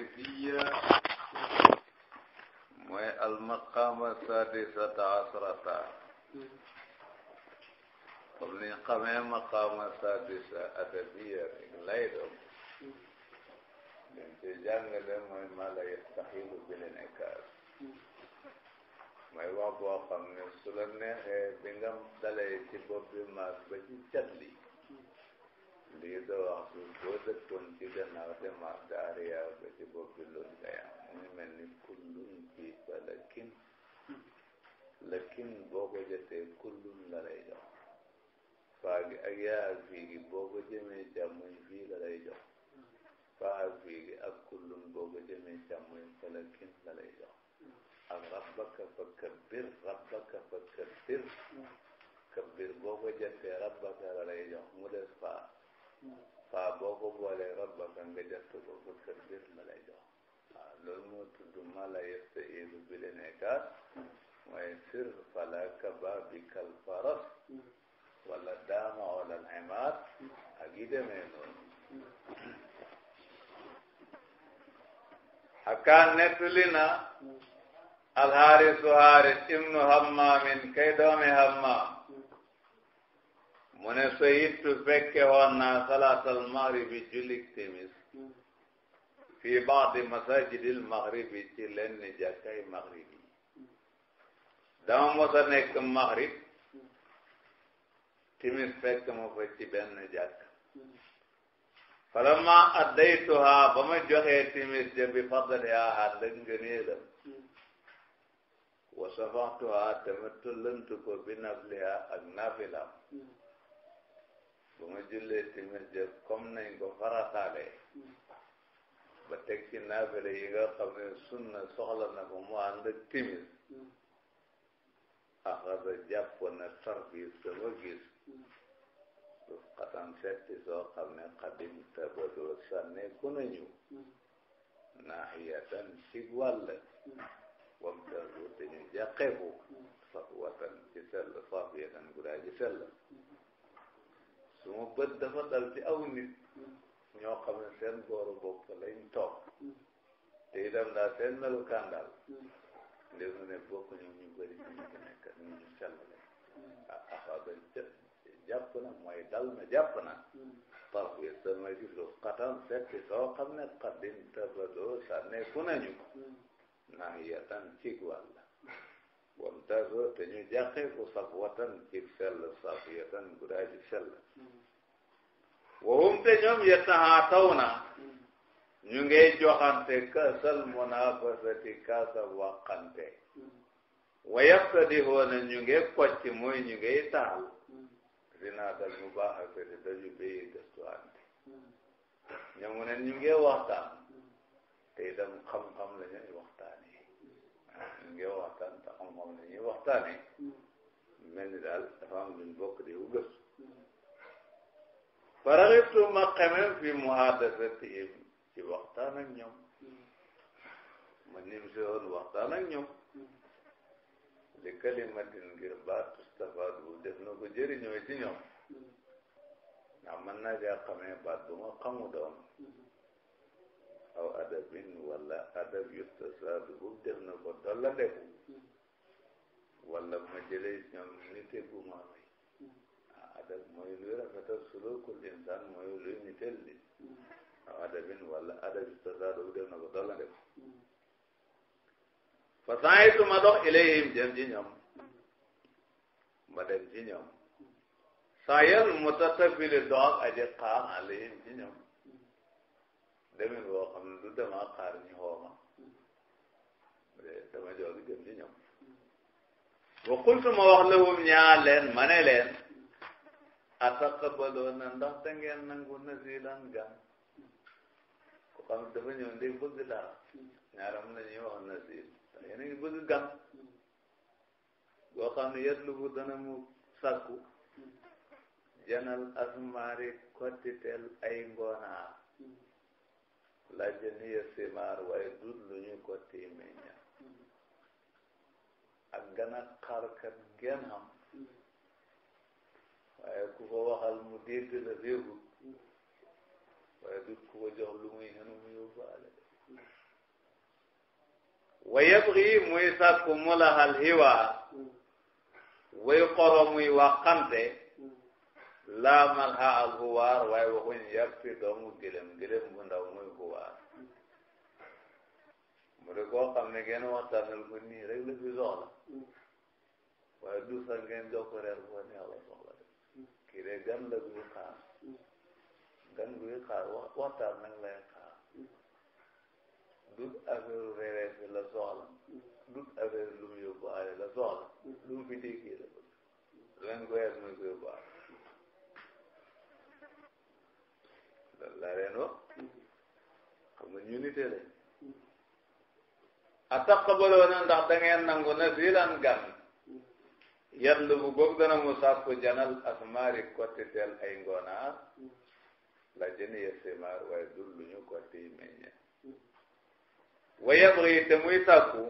maghribiya mooy almaqama sadisata asrata comme ni xamee maqama sadisa adabiya rek lay doon dañ ci jàngale mooy ma la yastaxilu bi leen ekaar mooy wax boo xam ne su la neexee bi nga dalee ci bopp bi maas ba ci cat li lii doo wax suuf boo dëkkoon ci gannaaw te marta ariya ba ci boppi loolu nga yam mu mel ni kullum fii fa lakin lakin boo ko jotee kullum la lay jox faa gi ak yaa ak fii gi boo ko jëmee càmmoñ fii la lay ak fii boo ko jëmee càmmoñ fa la lay jox ak rabbaka fa kabbir rabbaka fa kabbir kabbir boo ko jotee rabbaka la lay mu des faa faa boo ko boolee robba ka nga jot ko ba kër gis la lay jox waaw loolu moo tudd mala yesta ilu bi le nekkaat mooy sir fala kaba bi kal faras wala daama wala ximaar ak yi demee noonu hakkaa nettali na alxaarisu xaaris ibnu hammaamin kay doomi hammaam mu ne sayidtu fekke woon naa salaatal maghribi timis fi baadi masajidil maghribi ci lenn jàkkay maghribi dama mos a timis fekk ma fa ci benn falamma addaytuha ba ma joxee timis ja bi fadliha ànd ak ngëneelam wa safaxtuha bi nafliha ak su ma jullee timis jëf comme nañ ko farataale ba teg ci naafile yi a xam ne sunna soxla na ko mu ànd ak timis axasa jàpp na tarfi sama gis su setti soo xam ne xadim tabadoo sànne ku nañu naahiyatan ci wàll wamtazu te ñu jàqeeku fatwatan ci sell fafiyatan gudaa ji sell su ma bët dafa dal ci aw nit ñoo xam ne seen booru bopp lañ toog te itam daal seen melukaan daal de na ne bokkuñu ñu bëri ci ñu nekk ñu ñu sell lañ ah afaba jàpp na mooy dal na jàpp na parce que sama gis lu xatan fekk soo xam ne xaddin tabadoo sànne ku nañu mm. naa yatan cig wàll wamtaazo te ñu jàqee ko safwatan cig sell safiyatan gudaa ji sell wahum te ñoom yatahatawna ñu ngay joxante kaasal munafasati kaasa wàqante wa yaqtadihoona ñu ngay kocc mooy ñu ngay taal dinaa dal mu baax a fete dañu béyi gëstuwante ñoom mu ne ñu ngay waxtaan te itam xam-xam la ñuy waxtaan yi ñu ngay waxtaan xam moom la mel ni daal dafa am luñ bokk di wu gëstu faraxibtu ma xemem fi muhadasatihim ci waxtaan ak ñoom ma nim si woon waxtaan ak ñoom li kalimatin ngir baat tustafaadu def na ko jëriñoo ci ñoom ndax mën naa jaa xamee baat bu ma xamu doon aw adabin wala adab yustasaadu def na ko dolla ndeku wala ma jëlee ñoom nite gu ma amee hmm. ah, adab mooy luy rafetal sulukul insaan mooy luy nitel li hmm. aw adabin wala adab istazaadu def na ko dolla def hmm. fa saayitu ma dox ilayhim jëm ci ñoom ma dem ci ñoom saayal mutatafili dox aji xaar alayhim ci ñoom demin boo xam du dama xaar ñu xooma eh, dama jox li jëm ci ñoom wa qultu ma wax lahum ñaa leen ma ne leen ataqabaloona ndax da ngeen nangu nazilan gan ku xam dafa ñëw ndég bëgg dara ñaaram la ñuy wax nazil yéen a ngi bëgg gan boo xam ne yetlubu dana mu sàkku janal asmaari kottiteel ay ngoonaar la jëniya simaar waaye dut lu ñu kotti meñña ak gën a xarkat ngeen xam waaye ku ko waxal mu dégg la déggu waaye du ku ko jox lu muy xenu mu yóbbaale wa yabgi muy sàkku mu laxal xiwaa way xoro muy waxante laamal xa al xuwaar waaye waxuñ yàppi doomu gëlëm gëlëm bu ndaw muy xuwaar mu de koo xam ne ngeen waxtaanal nii rek la fi soxla waaye du sax ngeen jox ko la soxla de kii de gan la guy xaar gan guy xaar waxtaan nag lay xaar dut affaire reeree fi la soxla dut affaire lu mu yóbbaale la soxla lu mu fi déggee la bëgg leen ko yar mooy ko yóbbaale ñu ataqabaluuna ndax da ngeen nangu na zilan gan yatlu bu góog dana mu sàkku janal asmaari kottiteel ay ngonaar la jëniye simaar waaye dul lu ñu kotti meññe wa yabri muy sàkku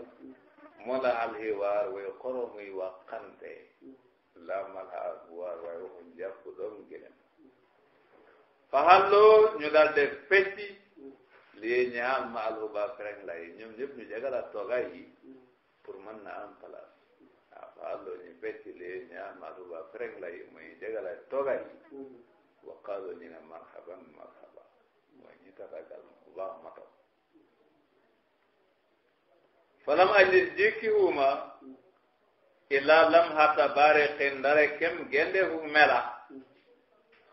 mu la al hiwaar way xoro muy waxante la malha abuwaar waaye waxuñ jàpp doom gëlem faxalloo ñu daal de lii ñaar maal bu baax rek lay ñoom ñëpp ñu jagalaat toogaay yi pour mën naa am place ah waaw loolu ñu fekk lii ñaar maal bu baax rek lay muy jagalaat toogaay yi waqaaloo ñu ne marhaban marhaban mooy ñu tatagal bu baax ma toog falam ajlis jékki wuma illaa lam hata baare xin ndare kem gendeefu mela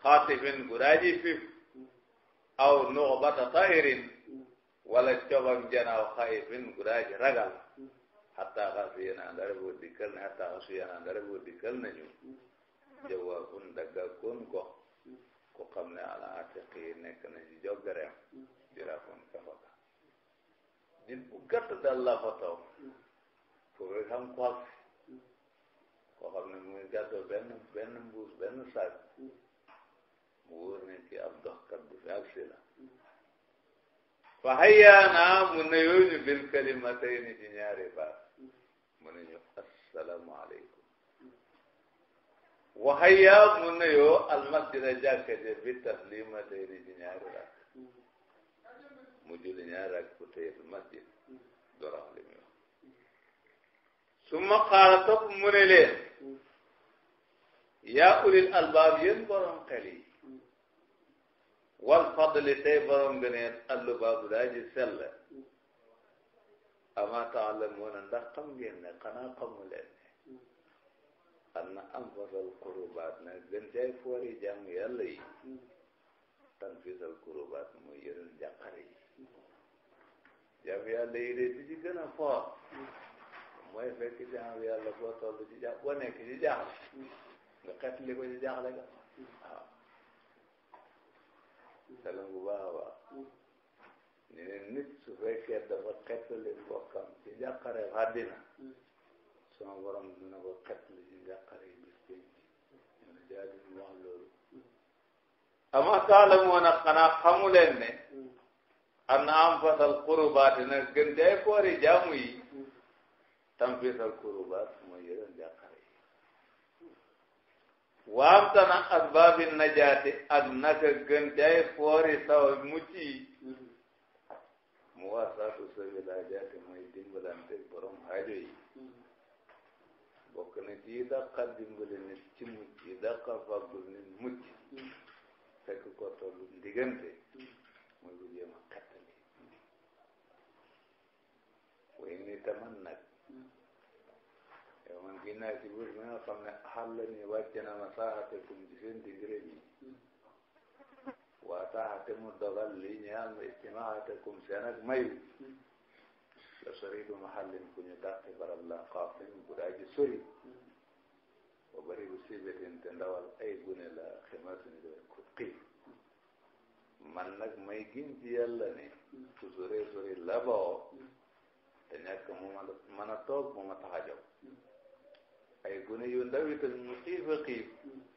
xaatifin guraaji fif aw nuxbata tahirin wala coobam janaaw xayfin gudaaji ragal hatta xasiyana ndare boo dikkal na hatta xasiyana ndare boo dikkal nañu jawaabun dagga kon gox ku xam ne ala atiqi nekk na ci joggareem dirafon kafaka nit bu gàtt daal la fa taw foofu xam ko ak xam ne mu ngi gàttoo benn benn mbuus benn saag mu wóor ne ki ab doxkat bu fi fa hayyaana mu nuyooñu bil kalimatayni ci ñaari baat mu ne ñu asalaamaaleykum wa hayyaa mu nuyoo almasjida jàkka ja bi taslimatayni ci ñaari baat mu julli ñaari ak ku tëyal masjid dora li muy wax summa qaala topp mu ne leen yaa ulil albaab yéen borom xel yi wal fadli tey borom gëneet allu baabu daa ji sell ama taalamuuna ndax xam ngeen ne xanaa xamu leen ne anna anfasal kurubaat na gën cay foori jàmm yàlla yi tanfisal kurubaat mooy yërël jàqare yi jàmm yàlla yi de bi gën a foor mooy fekk jàmm yàlla boo toll ci jàpp boo nekk ci jaaxle nga xet li ko ci jaaxle ga waaw xelam bu baax a baax ñu ne nit su fekkee dafa xettali bokkam ci njàqare àddina sama borom dina ko xettali ci njàqare yi bis pénc ñu ne mu wax loolu ama taalamuuna xanaa xamuleen ne ana am fasal qurubaat nag gën jaay koori jaamu yi tam fisal qurubaat mooy yërëm waam tana asbaabi najaati ak naka gën jaay foori saw mucc yi mu waasaatu sabil hajaati mooy dimbalante borom haajo yi bokk na di yi dàqa dimbali nit ci mucc yi dàqa fàggul nit mucc ko tollu ndigante mooy bu jéem a xettali way ni taman nag man gis naa ci buur bi nga xam ni wàcc na ma saaxatekum ci seen digre bi waa taaxate mu dogal li ñaan istimaaxatekum seen ak mayu la sori du mahallin ku ñu dàqi barab la xaafin bu daa ji sori bari bu sibetin te ndawal ay gune la ximasin doy ku xiif man nag may gin ci yàlla ne su sore sori la boo te ñàkk mu mën a toog mu ma tax a ay gune yu ndaw itam ñu xiif a xiif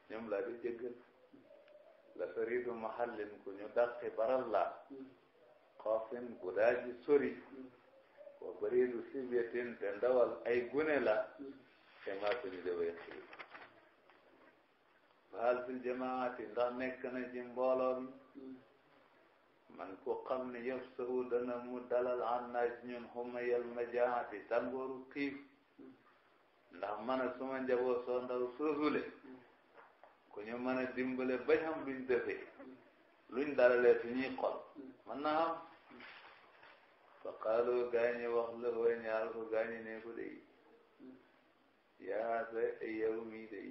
ñoom laa di jéggal la saridu mahallin ku ñu dàqi baral laa xoofin gu daa ji sori wa baridu sibetin te ndawal ay gune la te maa suñu daway xiif baal fil jamaati ndax nekk na ci man ku xam ne yëf sahu mu dalal an naaj ñun xumayal majaati tàngooru xiif ndax man ak sama njaboot soo ndaw soosule ku ñu mën a dimbale bañ xam luñ defee luñ dalalee suñuy xol mën naa xam fa qaalu gaañi wax la koy ñaar ko gaañi ne yaa sa yow mii day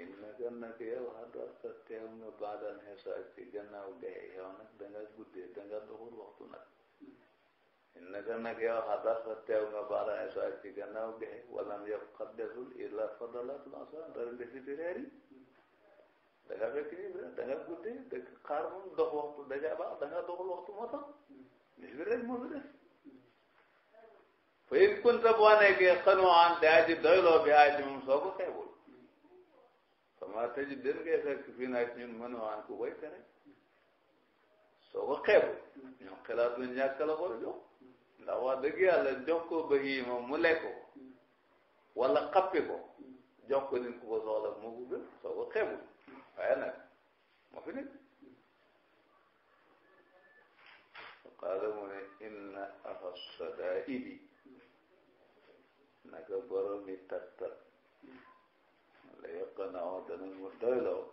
innaka nag yow hadarta teew nga baadal xisaab ci gannaaw gaye yow nag da nga guddee da nga doxul waxtu nag innaka nag yow xadasa teew nga baala isaak ci gannaaw bi walam yabqa desul illa fadalatul asaan dara ndesi di reer yi da nga fekk ni da nga guddee da xaar moom dox waxtu daja baax da nga doxul waxtu moo tax ndesi bi rek moo fi des fa in kunta boo nekkee xanuwaan te aji doyloo bi aji moom soo ko xeebul sama tëj den ngay fekk fii nag ñun mënuwaan ku koy tere soo ko xeebul ñoom xalaatu ñàkk la ko jox ndax wax dëgg yàlla jox ko bahiima mu lekk wala xappi ko jox ko ku ko soxla moo ko soo ko xeebul nag moo fi nit qaala mu ne inna afa sadaidi naka boromi tattat la yaqnao dana mu doyloo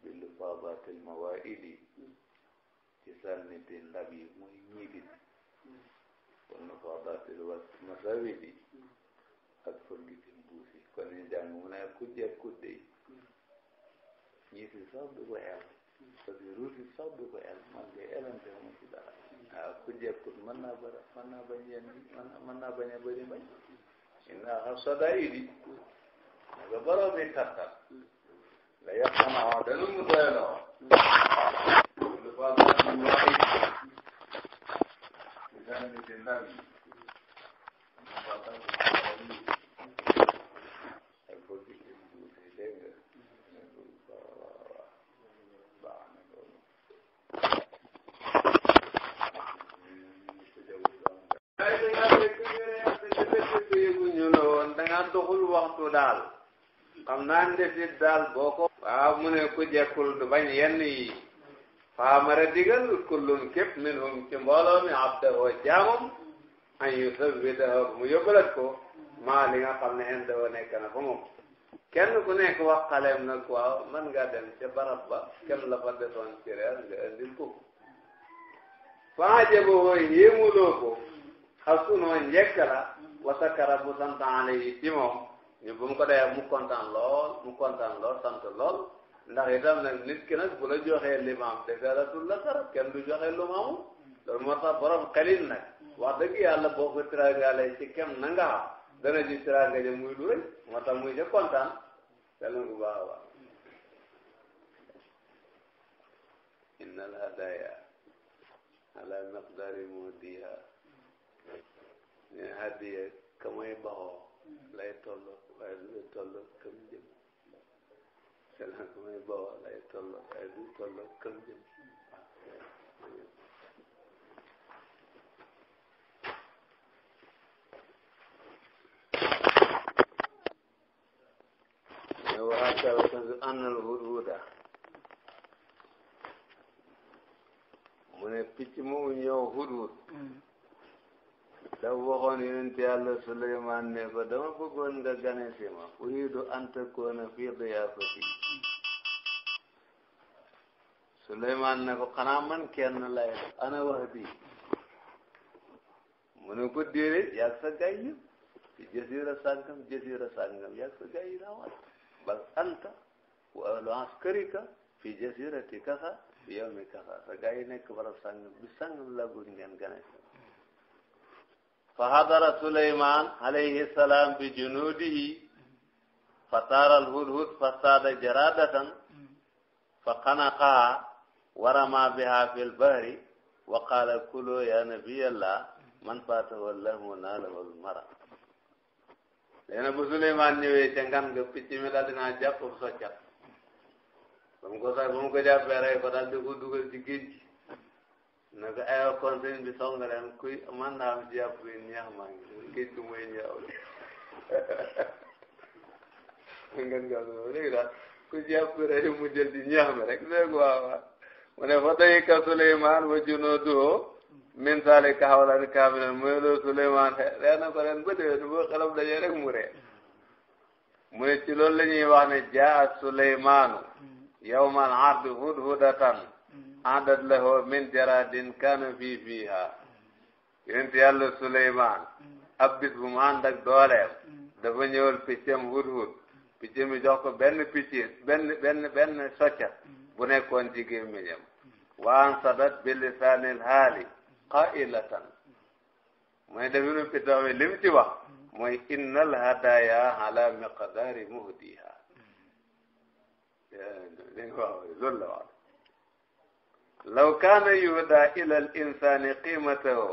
bil fadatil mawaidi ci sànni di ndab yi muy ñibit wala fadatil was masawidi ak forgitin buusi kon ñu jàng mu ne ku jeeg ku dey ñi si sax du ko el parce que ruusi sax du ko el man de elante mu ci dara waaw ku jeeg ku mën naa bara mën naa bañ yéen mën naa bañ a bëri bañ inna xam sadaidi naka borom bi kattan la yàq na dana mu doy loo gane ci ndar bi xam naa ne daal boo ko. waaw mu ne ku jekkul du bañ yenn yi. faamara digal kullum képp minhum ci mbooloo mi abdahu jaamam an yusawwidahu mu yóbbalat ko maa li nga xam ne indahu nekk na fa moom kenn ku nekk wax na nag waaw man nga dem ca barab ba kenn la fa desoon ci reer nga indil ko fa ajabahu yéemuloo ko xasunoo njëkk la wasakara bu sant alayhi ci moom ñu bu mu ko dee mu kontaan lool mu kontaan lool sant lool ndax itam nag nit ki nag bu la joxee limaam defeeratul la dara kenn du joxe lu maamu loolu moo tax borom nag wax dëgg yàlla boo ko tiraagalee ci kem na nga xam dana ji tiraanga ja muy lu rëy muy ca kontaan yàlla na ko baax a al hadaya ala miqdari mudiha hadiya kamay baxoo lay toll waaye du lay kam jëm salaam mooy bawal ay tolloo ay du tolloo kam jëm وهكذا تنزل أن الهدهد mu ne picc moomu ñëw hudhud daf waxoon yonent yàlla Suleymaan ne ko dama bëggoon nga gane si ma uriidu an takuuna fii diyaafati Souleymane ne ko xanaa man kenn lay ana wax bi mu ne ko déedéet yaa sa gay yi ci jasira sàngam jasira sàngam yaa sa gay yi laa war bal anta wa ahlu askarika fi jasirati kasa fi yawmi kasa sa gay yi nekk barab sàngam bi sàngam laa bëgg ngeen gane fa hadara Souleymane alayhi salaam bi junuudihi fa taaral hudhud fa saada jaradatan fa xanaqaa warama biha fil bahri wa qala kulu ya nabiyallah man fatahu lahmu nalahu almara leena bu Suleymaan ñëwee ca ngan nga picc mi daal dinaa jàpp soccat ba mu ko sax ba mu ko jàppee rey ko daal di ko dugal ci géej gi ne ko aywa bi song leen kuy man naa am jàpp yi ñeex ngi géej gi mooy ñaaw ngan nga léegi daal ku rek léegi waaw waaw mu ne fa tey ka Souleymane wa junuuduhu min zaalika hawlan kaamilan mooy loo Souleymane ree na ko ren ba déwén boo xelam dajee rek mu ree mu ne ci lool la ñuy wax ne jaa Souleymanu yawmal ard hudhudatan adat lahu min jaradin kana fii fiiha yonent yàlla Souleymane ab bis bu mu ànd ak dooleem dafa ñëwal piccam hudhud piccam yi jox benn picc benn benn benn soccat bu nekkoon ci gémmiñam waa ansadat bi lisaanil haali qailatan mu ci wax mooy innal hadaya ala miqdari muhdiha dégg nga waaw loolu la wax law kaana yuhda ila al insani qimatahu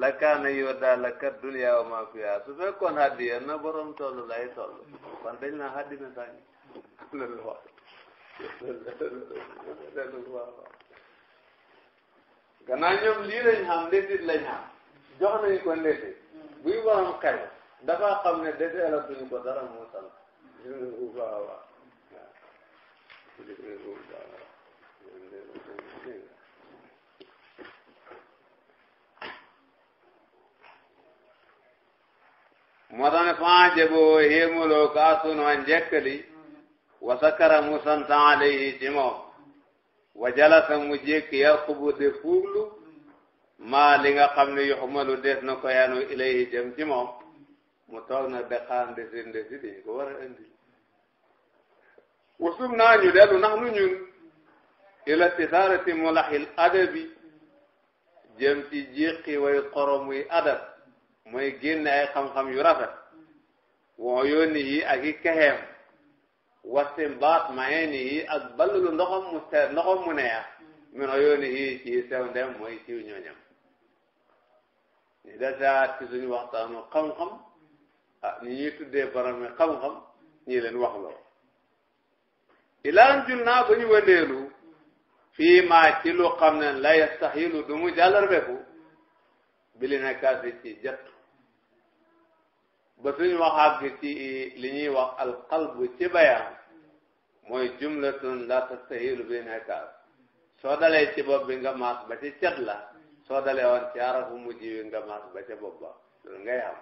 la kaana yuhda laka dunya wa ma fiha su fekkoon hadiya na borom kon dañ naa hadi na gannaaw ñoom lii lañ xam ndétit lañ xam jox nañu ko ndétit buy waram xel dafa xam ne déedéet la duñu ko dara moo tax moo tax ne fan jeboo yéemuloo kaa sunoo njëkk li wasakara mu sant alayhi ci wajalasa mu jékki yarqubu de fuuglu maa li nga xam ne yuxmalu des na ko yaanu ilayhi jëm ci moom mu toog na dexaan ndesi ndesi dañ ko war a indi wasum naa ñu dellu nax nu ñun ila tisaarati mulaxil adabi jëm ci jéqi way xoromuy adab mooy génne ay xam-xam yu rafet woo yooni yi ak i kexeem wastimbaat mayeenihi ak ballulu ndoxam mu seet ndoxam mu neex min oyoonihi ci sew ndem mooy ciw ñooñam ñu desaat ci suñu waxtaanu xam-xam ah ni ñuy tuddee barami xam-xam ñii leen wax loo ilaan jul naa ba ñu wëndeelu fii maa ci lu xam ne la yastaxilu du mu jàllarbeku bili na kaasi ci jattu ba suñu waxaat gi ci li ñuy wax alqalbu ci bayaan mooy jumlatun la tastahilu bi nekaas soo dalee ci bopp bi nga maas ba ci cet la soo dalee woon ci arafu mujj wi nga maas ba ca bopp ba loolu ngay xam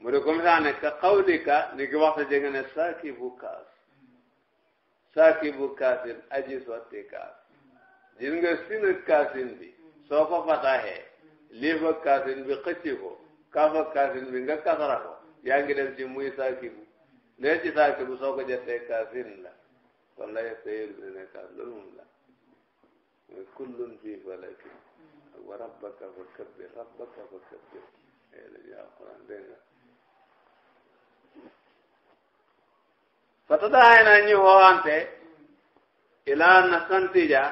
mu di comme ça ne ka xawlika ni ki waxta jënga ne saaki kaas saaki bu kaasin aji sotti kaas gis nga sina kaasin bi soo ko fataxee lii fa kaasin bi xëcci ko kaa fa kaasin bi nga kasara ko yaa ngi dem ci muy saakibu leen ci saakibu soo ko jotee kaasin la kon la yëpp yëpp ne kaasinum la muy kullun fii falaki wa rabbaka fa kabbir rabbaka fa kabbir ee la ñu alquran dégg nga fatataay naa ñu hoowante ilaa na santija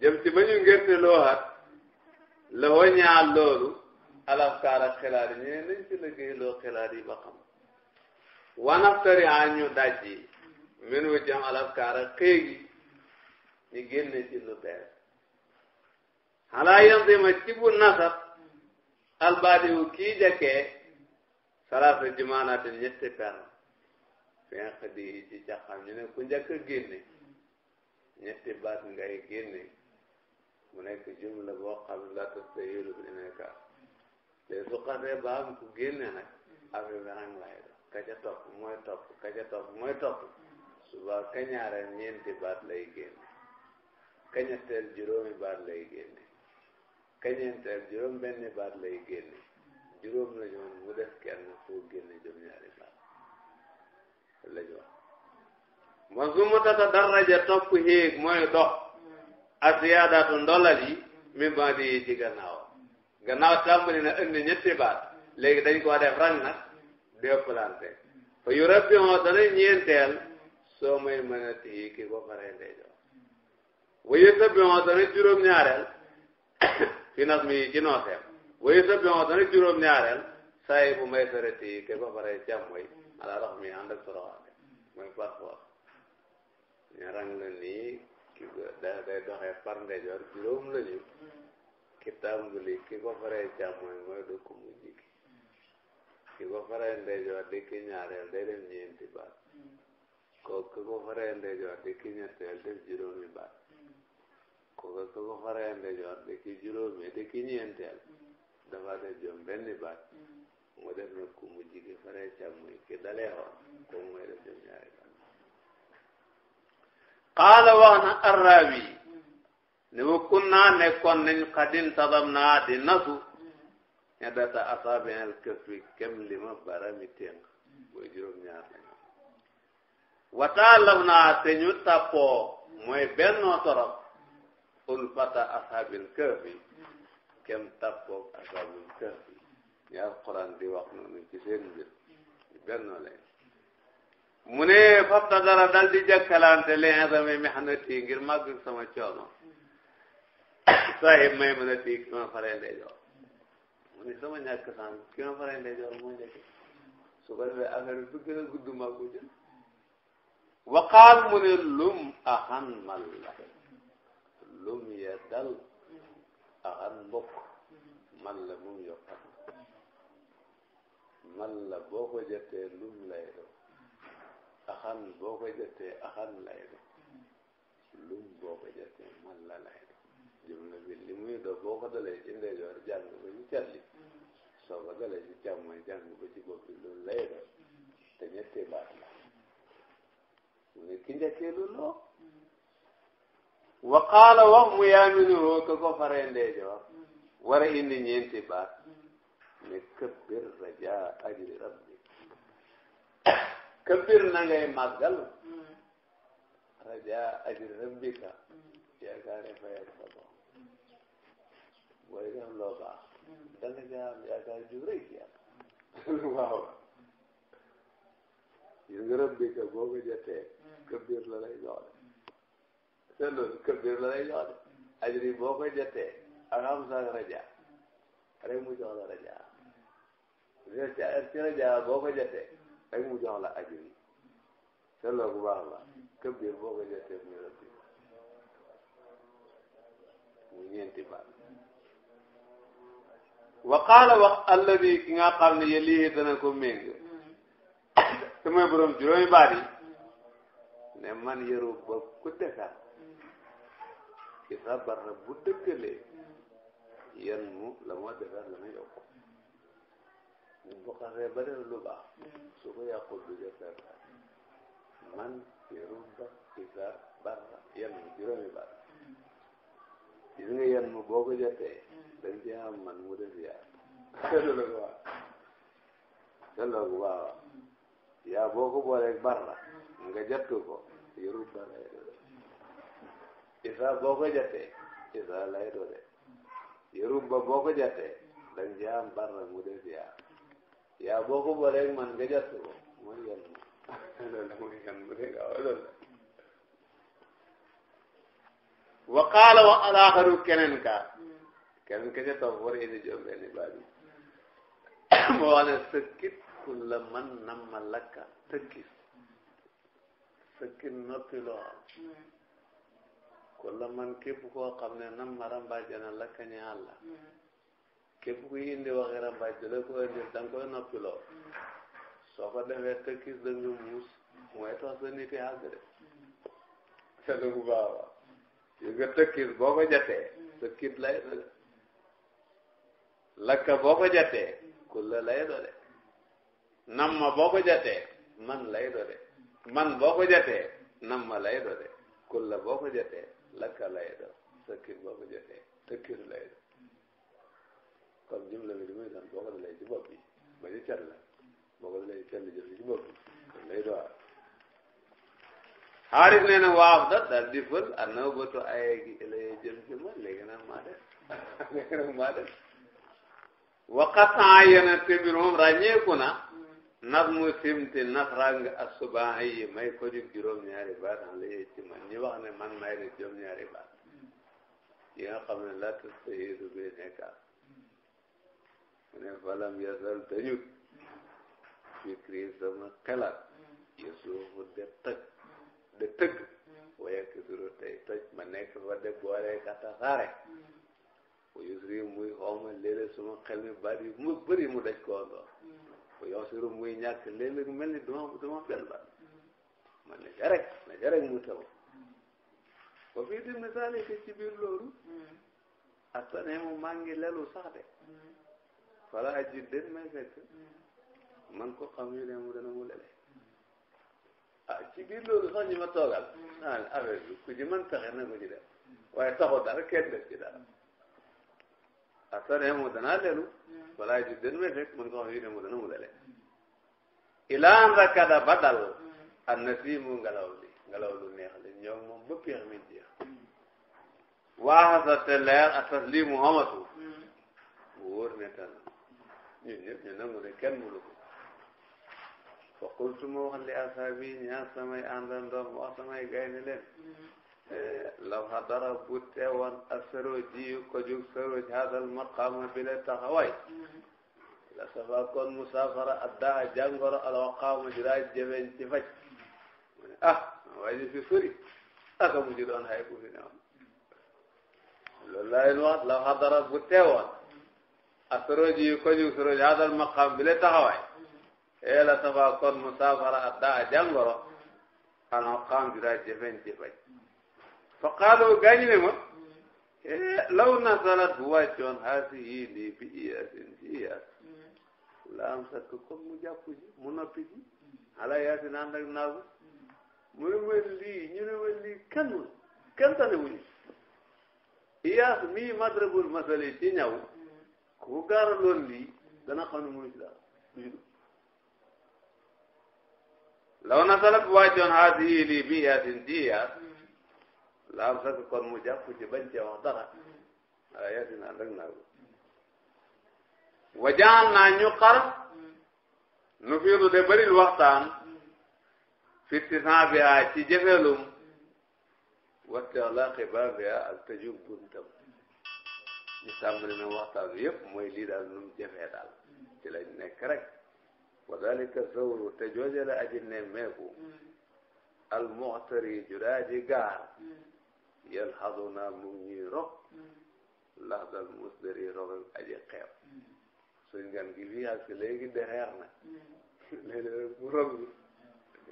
jëm ci ba ñu ngerte loohat la wañaal loolu alafkaar ak xilaat yi ñu ne nañ ci liggéey loo xilaat yi ba xam wanaftari a ñu dajji min wu jëm alafkaar ak xéegi ñu génne ci lu bees xalaa yam ma ci bu nasab albaadi wu kii jëkkee salaasa jimaanaatin ñetti per fenq di ci jaxam ñu ne ku njëkk a génne ñetti baat ngay génne mu nekk jumla boo xam la tas te bi nekk léegi su xasee ba am ku génne nag affaire bi nag lay doon ka ca topp mooy topp ka ca topp mooy topp suba ka ñaareel ñeenti baat lay génne ka ñetteel juróomi baat lay génne ka ñeenteel juróom benni baat lay génne juróom la ñoom mu def kenn foo génne jëm ñaari baat la ñu wax manzumu tata daraja topp héeg mooy dox asiyaadaatu ndolal gannaaw tàmbali na indi ñetti baat léegi dañ koo def rang nag deux planté fa yu rabbi on dana soo may mën a tii ki ko faree ndeyjoor wayu sabbi on dana juróom-ñaareel fi nas mi ci nooteem wayu sabbi on dana juróom-ñaareel saa yi bu may fere tii ki ko faree càmmoy ala rax mi ànd ak soroxaate mooy par force ñu rang la nii day doxee par ndeyjoor juróom la ki tàmbali ki ko faree càmmoñ mooy du ko mujj ki ki ko faree ndeyjoor di ki ñaareel day def ñeenti baat kooku ki ko faree ndeyjoor di ki ñetteel def juróomi baat kooku ki ko faree ndeyjoor di ki juróomi di ki ñeenteel dafa def juróom benni baat mu def na ku mujj ki faree càmmoñ ki dalee xool kooku mooy def juróom ñaari baat qaala wax na arraabi ne wa kunnaa nekkoon nañ xadin tadam naa di nasu ñettata asaabinal këfi kem lima barami ténk booy juróom-ñaar lañu wataalaw naa te ñu tàppoo mooy bennoo torop ulfata asaabil këfi kem tàppoo asaabil këfi ñaar quran di wax noonu ci seen mbir bennoo leen mu ne dara dal di jàkkalante leen asame mi xana tii ngir màgg sama coono sahib may mën a tii ki ma faree ndeyjoor mu ni sama ñàkk saan ki ma faree ndeyjoor moo njëkk su ko defee affaire bi gën a gudd maa ko jël waqaal mu ne lum axan mal la lum ya dal axan mal la mum yokkat mal la boo ko jëttee lum lay doon boo ko jëttee axan lay lum boo ko jëttee mal la lay jumla bi li muy do boo ko dalee ci ndeyjoor jàng ba ci calli soo ko dalee ci càmmooñ jàng ba ci bopp bi lay doon te ñetti baat la mu ne ki njëkkee lu loo wa qaala wax mu yaaminuhu ka ko faree ndeyjoor war a indi ñeenti baat ne kabbir raja ajri rabbi kabbir na ngay màggal raja ajri rabbika yaakaare fayal sa booy def loo baax dana nga am yaakaar ju nga rëbb bi que boo ko jotee këbir la lay jox de te loolu la lay jox de boo ko jate ak am sax raja rek mu jox la raja ci raja boo ko jotee rek mu jox la ajri te loolu bu baax la boo ko jotee muy rëbb bi mu ñeenti baat waqaala wax alladi ki nga xam ne yelii dana ko méng te mooy borom juróomi baat yi ne man yaru ba ku defar ki sa barra bu dëkkalee yan mu la moo defar la ma yokk mu bokkasee ba def lu baax su ko yàqu du defar man yaru ba ki sa barra yan mu juróomi baat gis nga ma boo ko jotee dañ ci man mu def yaa seetlu ko waaw seetlu ko waaw yaa boo ko booleeg barra nga jottu ko yorul ba lay doole isa boo ko jotee isa lay doole yorul ba boo ko jotee dañ ci am barra mu def yaa yaa boo man nga jottu ko mooy yan ma loolu mooy yan mu def yaa loolu wa qaala wa alaaxaru keneen ka keneen ka ca topp war indi juróom benni moo wax sëkkit kulla man namma lakka sëkkit sëkkit noppi kulla man képp koo xam ne namma rambaaj na lakka ñi àlla képp ku indi waxi rambaaj du la ko indi da nga koy noppi soo ko defee sëkkit da muus mooy tax sa nit yi àgg de sa yu nga tëkkil boo ko jatee tëkkil lay doole lakka boo ko jatee kulla lay doole namma boo ko jatee man lay doole man boo ko jatee namma lay doole kulla boo ko jatee lakka lay doole tëkkil boo ko jatee tëkkil lay doole kon jumla bi li muy doon boo ko dalee ci bopp bi ba ci cat la boo ko dalee ci cat la jël ci bopp bi xaaris nee na waaw da di fël a naw ba aye gi lay jëm ci man léegi nag maa def léegi nag maa def waqataa yéen a tëbir moom ràññeeku na naf mu simti naf rang asubaan yi may ko juróom-ñaari baat an lay ci man ñi ne man may ne ñaari baat yi nga xam ne la tastahidu bi nekkaat mu ne falam yasal dañut fikri sama xelaat yusufu de tëkk de tëgg waaye ki tey toj ma nekk fa de boole ka tasaare wayu suru muy xooma léeg-léeg suma xel mi bari mu bëri mu daj koo doon wayu suru muy ñàkk léeg mel ni duma duma ba ma ne jarek na jarek mu taw ko fii di misaale ke ci biir loolu attane mu maa ngi lelu sax fala aji den may fekk man ko xam yu ne mu dana mu lele ci biir loolu sax ñi ma toogal ah affaire bi ku ci mën pexe na ko ci def waaye taxu dara kenn def ci dara ah soo demee mu danaa lelu balaa ji den may fekk mën ko xam mu dana mu dale ilaan rakada ba dal an na sii mu ngelaw li ngelaw lu neex li ñëw moom ba peex mi jeex waaxasa te leer a tas lii mu xamatu wóor ne tan ñun ñëpp ñu nangu ne kenn mënu ko fa qultu ma wax li asaabi ñaar samay àndandoo ma wax samay gay leen law hadara bu teewoon asarooji ko jug saroj hadal maqaama bi la taxawaay la safa kon musaafara addaa jàngoro alwaqaama jiraaj jëfeñ ci faj mu ah waa ji fi sori aka mujj doon hay ku fi newoon loolu laa leen law hadara bu teewoon asarooji ko jug saroj hadal maqaam bi la ee la sabaa kon mu saafara addaa jàngoro xanaa xam ju daa jëfeñ jëfeñ fa qaalu ee law nasarat bu wàccoon haasi yii bi iyaasin bi iyaasin la am sakk mu jàpp mu noppi ji ala yaasin ànd ak naagu mu ne ma lii ñu ne ma lii kenn kenn tane wuñu iyaas mii madrabul masali ci ñaw ku gaaraloon lii dana xam ne mu ngi ci daal law nazalat waajoon haadihi li biyatin diyaat la am sax kon mu jàpp ci bañ cee wax dara waaye yaa dina ànd ak naa ko wajaan naa ñu xar nu baabiha ak tëju buntam ñu sàmbali na waxtaan yëpp mooy lii daal nu mu wa dalika sawru te jooje la aji nemmeeku al muxtari juraaji gaar yal xaduna mu ñuy rog laxdal musdari rog ak aji xeeb suñ ngan gi fii ak si léegi dexeer na léeg-léeg bu rog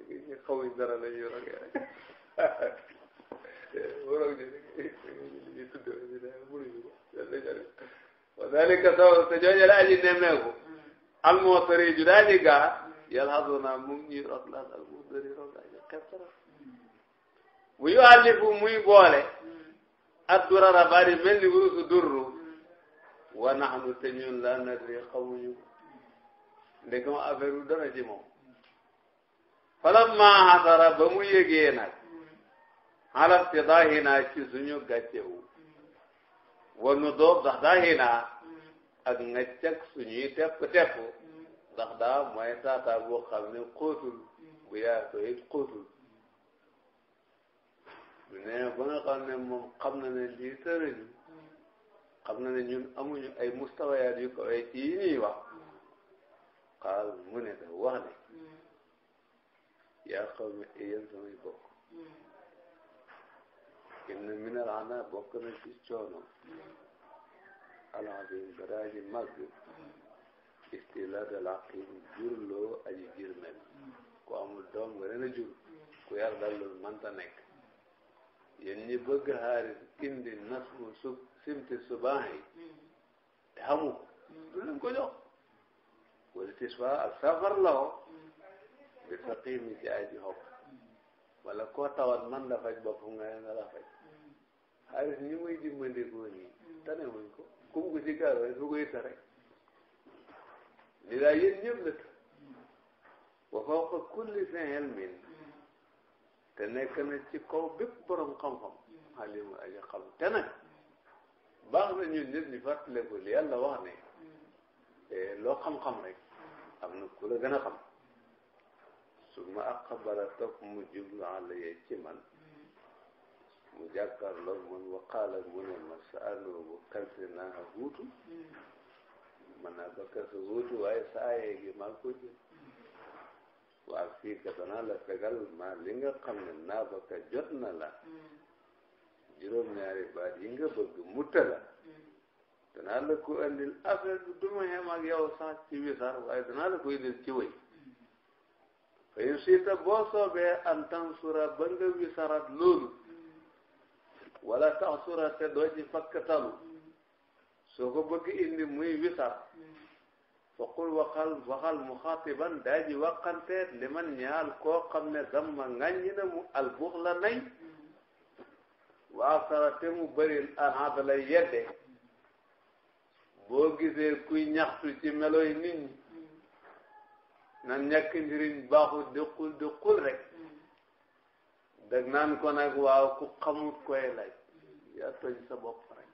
bi ñu xamuñ dara la ñuy rogee rek bu rog la aji nemmeeku almoosari judaaji gaa yal hasuna mum ñuy roglaas ak musari roglaas ak xesara bu yu àllifu muy boole ak durara bari mel ni wurusu durru wa naxnu te ñun la nadri xamuñu ndegam affaire yu dana ci moom falamma hasara ba mu yëgee nag xalaf ti daahina ci suñu gàccewu wa nu doob dax daahina ak nga cag suñuy tepp tepp ndax daa mooy taataa boo xam ne xóotul bu yaatoo it xóotul bu ne ba nga xam ne moom xam na ne lii tërañu xam na ne ñun amuñu ay mustawayaat yu di ay ci yi ñuy wax xaal mu ne da wax ne yaa xaw ma yéen samay bokk hmm. inna minal ana bokk na ci coono alazim daraaji mag istilaad al aqim jurloo aji jirmel ku amul doom nga leen a jur ku yar dal loolu mënta nekk yéen ñi bëgg xaaris indi nasbu su simti subaax yi te du leen ko jox wala tisba ak safar la ko bi saqimi ci aji xob wala koo tawat man la faj bopp nga la faj xaaris ñi muy dimbandiku nii tane wuñ ko fu mu ko ci gaaroo su ko yitte rek li daa yéen wa fawqa kulli sin ilmin te nekk na ci kow bépp borom xam-xam alimu aji xam te nag baax na ñun ñëpp ñu fàttaliku li yàlla wax ne loo xam-xam rek am na ku la gën a xam su ma aqbala topp mu jublu alayya ci man mu jàkkaarloo mun waqaala mu ne ma saaloobu kalsi naa huutu man naa ko kalsi huutu waaye saayee gi maa ko jël waa fii ka danaa la fegal ma li nga xam ne naa ba ka jot na la juróom-ñaari baat yi nga bëgg mutta la danaa la ko andil affaire bi duma xem ak yow ci wisar waaye danaa la ko indil ci wëy fa in siita boo soobee an tansura ba nga wisarat loolu wala tax sura te doo ci fakk talu soo ko bëgg indi muy wisar faqul waxal waxal muxaatiban daa ji waqanteet li man ñaal koo xam ne damma ŋàññi na mu albux la nay waa sara te mu bëri alxaada lay yedde boo gisee kuy ñaxtu ci meloy nit ñi nan ñàkk njëriñ baaxul dëqul dëqul rek mm. dag naan ko nag waaw ku xamut koy lay yaa tooñ sa bopp rek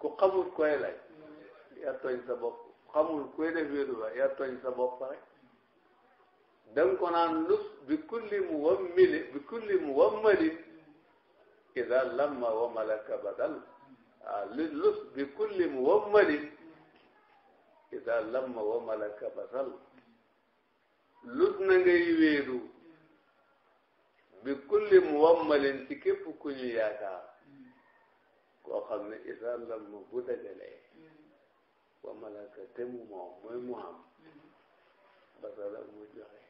ku xamul koy lay yaa tooñ sa bopp xamul koy def wéedu tooñ sa bopp rek danga ko naan lus bi kulli mu wam bi kulli mu wam malin ida wa malaka badal lus bi kulli mu wam malin ida wa malaka badal lus na ngay bi kulli muwammalin ci képp ku ñu yaakaar koo xam ne isaan la mu bu dajalee wa malaka te mu moom mooy mu am basala mu joxe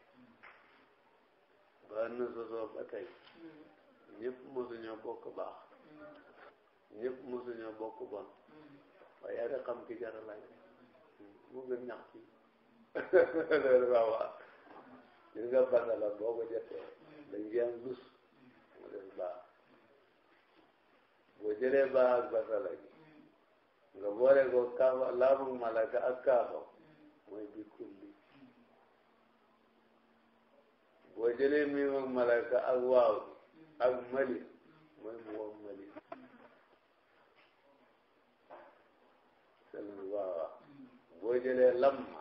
ba na sosoo ba tey ñëpp mosuñoo bokk baax ñëpp mosuñoo bokk bon waaye yaa xam ki jar a mu gën ñax ci loolu waaw waaw basala boo ko jotee la ci am lus mu def baax boo jëlee baax ak basala gi nga boole ko kaafa laabu malaka ak kaafa mooy bi kulli boo jëlee miim ak malaka ak waaw ak mali mooy mu wam mali selul waawa boo jëlee lamma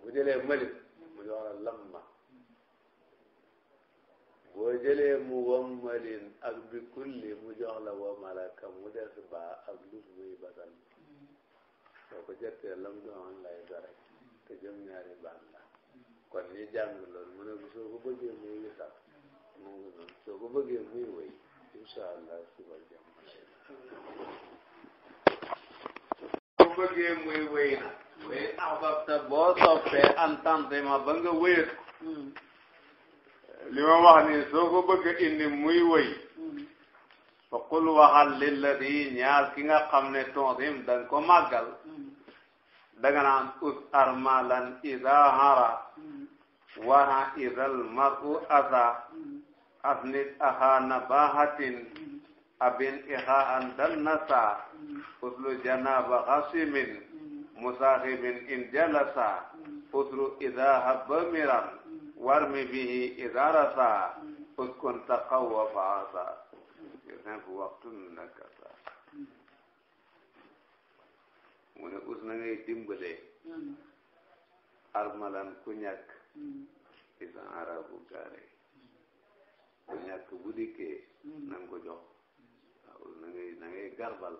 bu jëlee mali mu jox la lamma boo jëlee mu wammalin ak bi kulli mu jox la wa malaka mu des ba ak lut muy basal soo ko jëttee lam doon lay dore te jëm ñaari baan la kon ñi jàng loolu mu ne soo ko bëggee muy wisal mu ngi noonu soo ko bëggee muy wéy incha allah suba jàmm lay soo ko bëggee muy wéy na wéy ahbabta boo soppee antante ma ba nga wéyat ko li ma wax nii soo ko bëgg muy wëy fa qul waxal lilladi ñaar ki nga xam ne tondim da nga ko màggal da us armalan ida hara waha idal maru asa asnit aha nabahatin abin iha an dal nasa uslu janaba xasimin musaaxibin in jalasa udru ida habamiran warmi bihi idarata uskun taqawwa faasa yuhibbu waqtun nakasa mu ne us na ngay dimbale armalan ku ñàkk isan arabu gaare ku ñàkk bu dikkee na nga ko jox waaw us na ngay na ngay garbal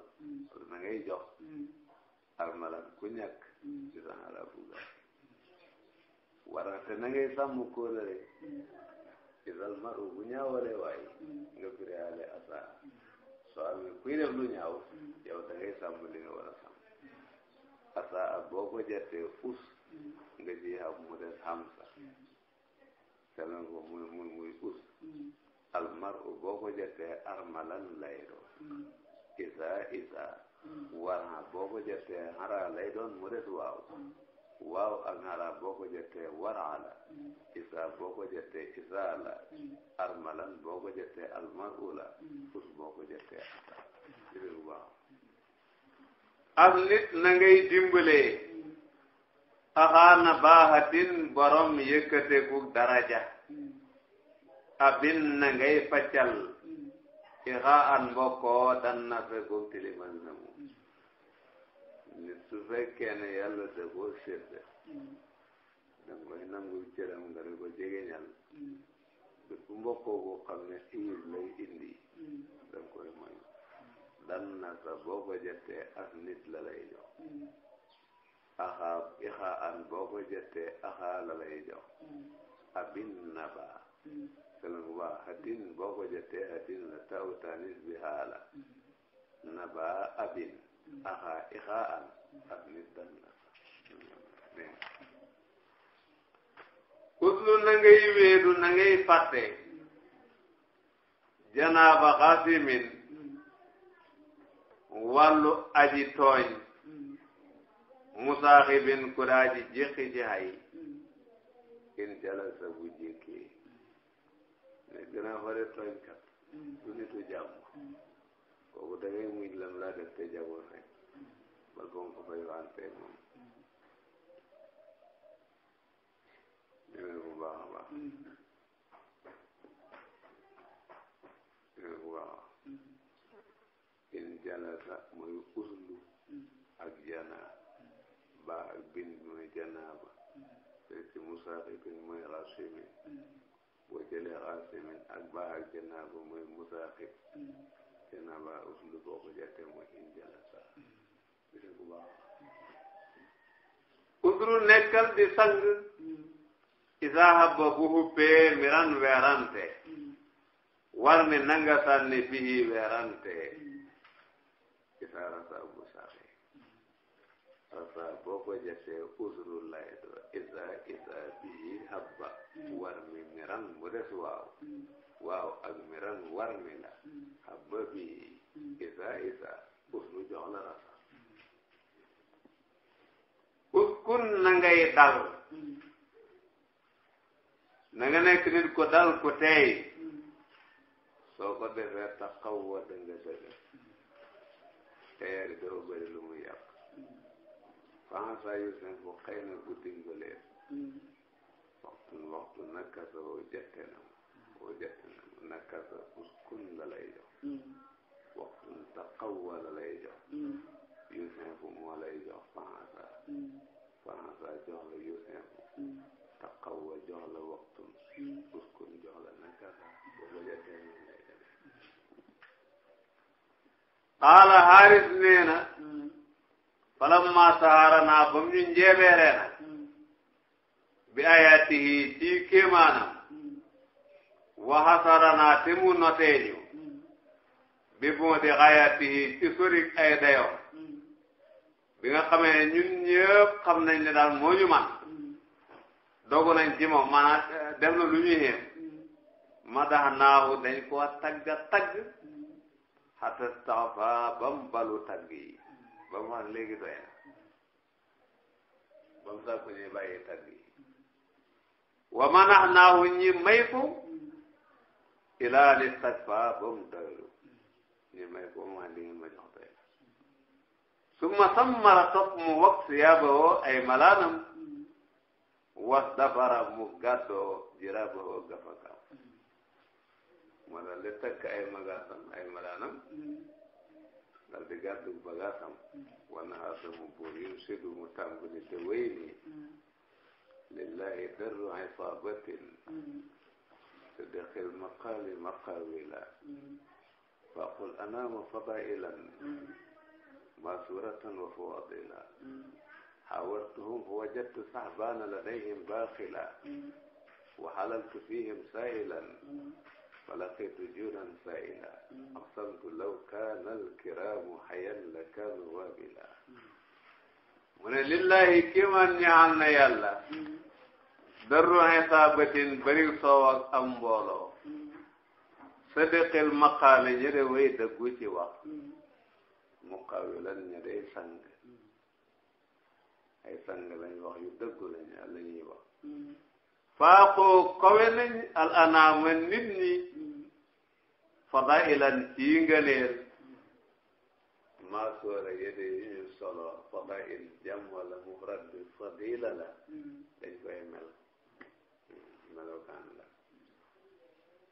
us na ngay jox armalan ku ñàkk isan arabu wara te na ngay sàmm kóolare isal maru bu ñaawale waay nga firéale asa soo amee kuy def lu ñaaw yow da ngay sàmm li nga war a asa ak boo ko us nga ji xam mu des hamsa telan ko muy muy muy us al maru boo ko jettee armalan lay isa isa wara boo ko jettee hara lay doon mu des waaw waaw ak naara boo ko jotee waraa la isaa boo ko jotee isaa la armalan boo ko jotee almaru la us boo ko jotee ata ak na ngay dimbalee axaana baaxatin borom yëkkateku daraja abin na ngay faccal ixaa an mbokkoo dan na fekku tiliman namu nit su fekkee ne yàlla da koo sédde danga koy nangul cëram nga di ko jegeñal bët bu mbokkoo xam ne xiir lay indi danga koy moy dan na sa boo ko jettee as nit la lay jox axaa ixaa an boo ko jettee axaa la lay jox abin na baa kalangu hatin boo ko jettee hatin la taw tanis bi haala na baa abin axaa ixaa an ak nit dan la uslu na ngay wéedu na ngay fàtte janaaba xaasimin aji tooñ musaaxibin kuraaji jéqi ji hay in jalasa bu jékkee ne gën a fare tooñ kat du nitu jàmm kooku da ngay mujj lam laa def te jagoon rek ba ba mu ko fay wanteeg moom bu baax a baax bu baax in janasa mooy uslu ak jana ba ak bind mooy janaaba te ci musaaxibin mooy rasimin boo jëlee rasimin ak ba ak janaaba mooy musaaxib janaba uslu boo ko jàttee mooy nekkal di sang isa habba bu hubbee miran weerante war ni nanga sànni bihi weerante isa rasa bu saxe rasa boo ko jàttee usru lay do bihi habba war mi miran mu des waaw waaw ak miran war mi la hababi mm. mm. isa isa us nu jox la rasa uskun na ngay dal mm. na nga nekk ko dal ko tey soo ko defee taxaw wa da nga dëgër teyari doo bëri lu mu yàq yu seen bu xëy na guddi nga leen waxtu waxtu nag kasaroo jette na nakasa uskun la lay jox waxtun taqawwa la lay jox yusinfu moo lay jox fanasa fanasa jox la yusinfu taqawwa jox la waxtun uskun jox la nakasa boobu jatee noonu lay demee qaala Haaris nee na falamma saharana ba mu ñu njeebeeree na bi ayaatihi ci kéemaanam waxasarana te mu notee ñu bi bon di xayatihi ci sori ay dayoom bi nga xamee ñun ñëpp xam nañ ne daal moo ñu man dogu nañ ci moom maanaam def na lu ñuy xéem ma dax dañ koo tagga tagg xata stafa ba balu tagg yi ba mu léegi doy na ba mu sàkku ñuy bàyyi tagg yi wa ma nax naahu ñi may ko ilaa li xaj faa ba mu doylu ñu may ko ma li ngeen ma jox doy na su ma sammara ay malaanam was dafara mu gàddoo jiraabawoo gafakaam ma daal di takk ay magaasam ay malaanam daal di gàddu bagaasam wana asamu buur yu sidu mu tàmbali te wéy ni hmm. lillahi darru ifabatin hmm. siddiqil maqaali maqaawila faqul anaamu fadailan masuratan wa fawadila حاورتهم فوجدت صحبان لديهم باخلا وحللت فيهم سائلا فلقيت جودا سائلا أقسمت لو كان الكرام حيا لكانوا وابلا mu ne lillahi kiman ñaal na yàlla darru xisaabatin bari soow ak am mbooloo sadiqil maqaale ñe de dëggu ci wax muqawilan ñe day sang ay sang lañ wax yu dëggu lañ la wax faaqo kawe nañ al anaama nit ñi fadailan cii ngëneel maa soora yede yu solo fadail jam wala mufrad bi fadila la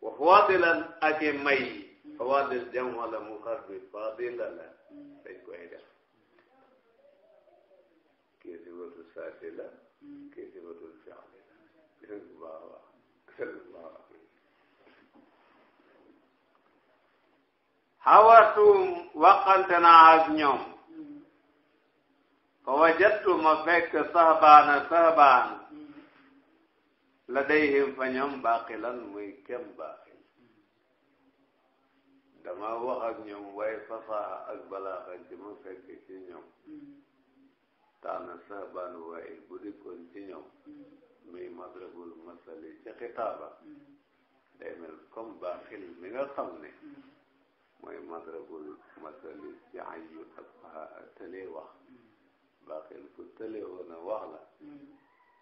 wax faadilan ak may faadil jam wala mu xar bi faadila la dañ koy def kii sifatul saati la kii sifatul fi'li la baax a baax baax xawatum ladayhim fa ñoom baaqilan muy kem baaqil dama wax ak ñoom waaye fasaha ak balaaxa ji ma fekk ci ñoom taana sahbaan waaye bu dikkoon ci ñoom muy madrabul masali ci xitaaba day mel comme baaqil mi nga xam ne mooy madrabul masali ci ayu ak faha tëlee ku tëlee woon a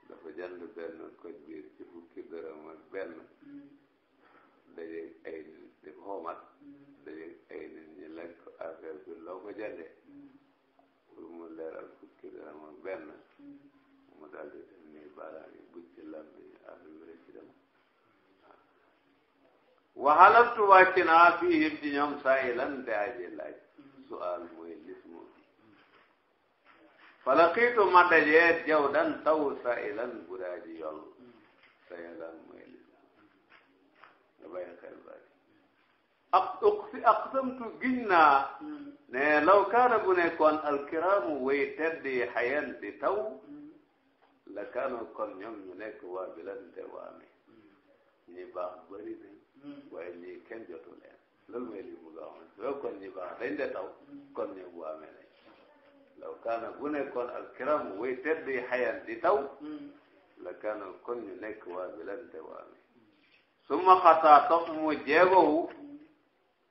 dafa jënd benn koj biir ci fukki dërëm ak benn dajeeg ay nit di xoomat dajeeg ay nit ñi lekk affaire bi loo ko jëndee pour mu leeral fukki dërëm ak benn mu daal di def nii baaraam yi bucc ci lam bi affaire bi rek ci dem waxalal tuwàcc naa fii yëpp ñoom saa yi lan daaje laaj sual mooy lismu falaqiitu ma dajee jawdan taw sailan buraaji yol sailan mooy lislam nga bàyyi xel bari ak uqsi aqsamtu giñ law kaana bu nekkoon alkiraamu way tedd yi xayan di taw la kaano kon ñoom ñu nekk waa bilante waame ñi baax bëri nañ waaye ñii kenn leen loolu mu gaawoon kon ñi law kaana bu nekkoon alkiramu way tedd yi xayan di taw la kaana kon ñu nekk waa bilante waami suma xataa topp mu jeegowu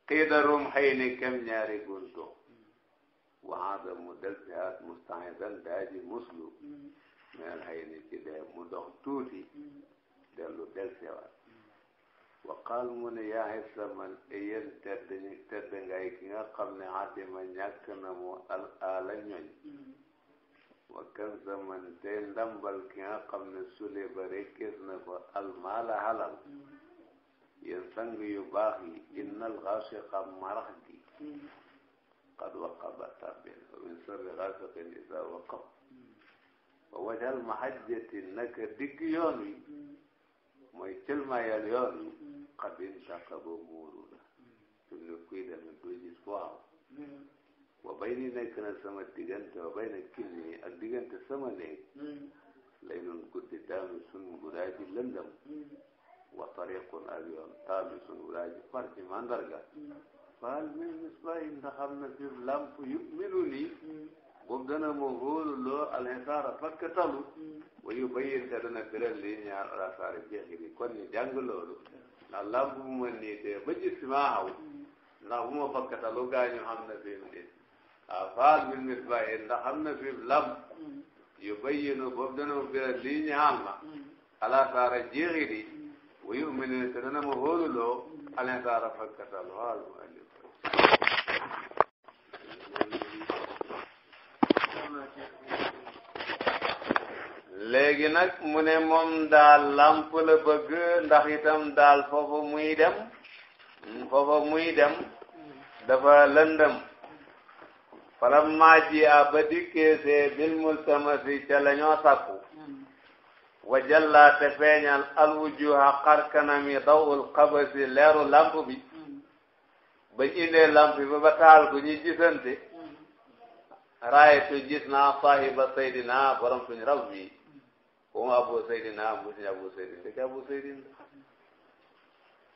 xiida rum xëy kem ñaari gunto waxaada mu del sihaat mustahidan daaji muslu mel xëy ni ci dee mu dox tuuti dellu del waqaal mu ne yaa xissa man éyéen e tedd tedd ki nga xam ne àddima ñàkk na mu al aala ñoñ wa kan ki nga xam ne sule ba rekkees na ko al halal yéen sang yu baax yi innal xaasiqa marax gi qad waqaba tàbbin wa min sarri xaasiqin idaa waqab wa wajal mahajjati naka digg yoon wi mooy cëlmayal yoon mm-hmm. xabin sàkka ba muuru la sum mm-hmm. ne kuy deme du gis mm-hmm. wa bay ni nekk na sama wa bay na kinni ak diggante sama néeg lay nun guddi daami sun gudaa ji lëndëm wa tariqun ak yoon taami sun gudaa ji far ci mandarga faal min misbaahi na fi lamp yu melu ko gën a mu hóolu loo alxisaara fakk talu wayu bayin biral li ñaar rasaari jeexiri kon loolu ndax làmb bu a hmm. faal min mis bàyyi na fi làmb hmm. yu bayinu boobu biral li ñaar ma alasaara jeexiri wayu mu ne te dana mu hóolu loo alxisaara fakk talu léegi nag mu ne moom daal làmp la bëgg ndax daal foofa muy dem foofa muy dem dafa lëndëm falam maa ji a ba dikkeesee bil multamasi ca la ñoo sàkku wa jalla te feeñal al yi xar kanami dawul xabasi leeru làmp bi bañ indee làmp bi ba taal ko ñi gisante raaytu gis naa saahiba saydina borom suñu raw bi wa ma abu saydin ah mu si abu saydin dëkk abu saydin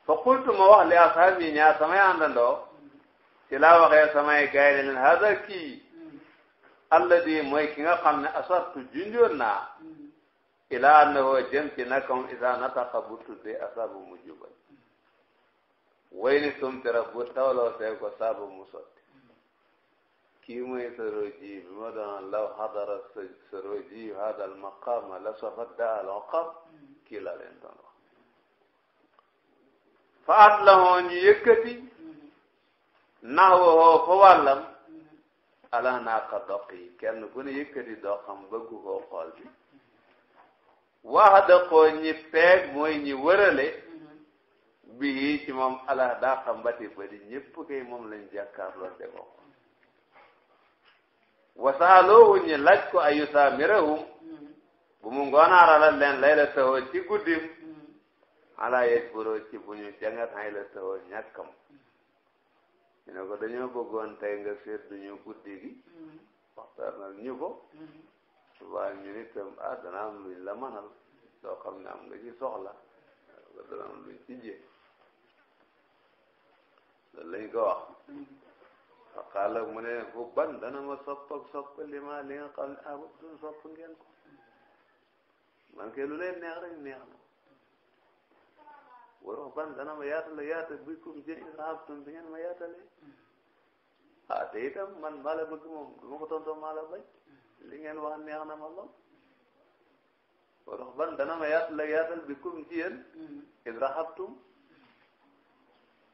fa ma wax li ashaabi ñaar samay àndandoo ci laa waxee samay gaay ne leen hada kii mooy ki nga xam ne asartu junjoon naa ila annahu jëm ci nakam isa nataqa bu tuddee asabu mu jubal way ni sumtira bu tawloo see ko saabu mu sotti kii mooy Saroji bi ma doon law hadara Saroji hadal maqaama la safadda al oqam kii la leen doon wax fa at la moo ñu yëkkati naxwa hoo fa wàllam ala naa ka doq kenn ku ne yëkkati doqam bëggu koo xool bi wax da koo peeg mooy ñi wërale bii ci moom ala daa xam ba di ñëpp kay moom lañ jàkkaarloo de ko wasaaloohu ñi laaj ko ayu saamirahum mm-hmm. bu mu ngoonaaral leen lay la tawoo ci guddim mm-hmm. ala yet buroo ci bu ñu jàngat la tawoo ñàkkam mm-hmm. ñu ne ko dañoo bëggoon tey nga seetlu ñu guddi gi waxtaanal ñu ko ni tam ah dana am la manal loo xam ne am nga ci soxla dana am luñ ci jee loolu lañ ko wax fa qaala mu ne hubban dana ma sopp li ma li nga xam ne ahbabtum sopp ngeen ko man kay lu leen neex rek neex na wa ruhban dana ma yaatale yaata bikum jëy rahabtum bi ngeen ma yaatale ah te itam man maa la bëgg moom du ma ko li ngeen wax neex na ma lool wa ruhban dana ma yaatale yaatal bikum ci yéen id rahabtum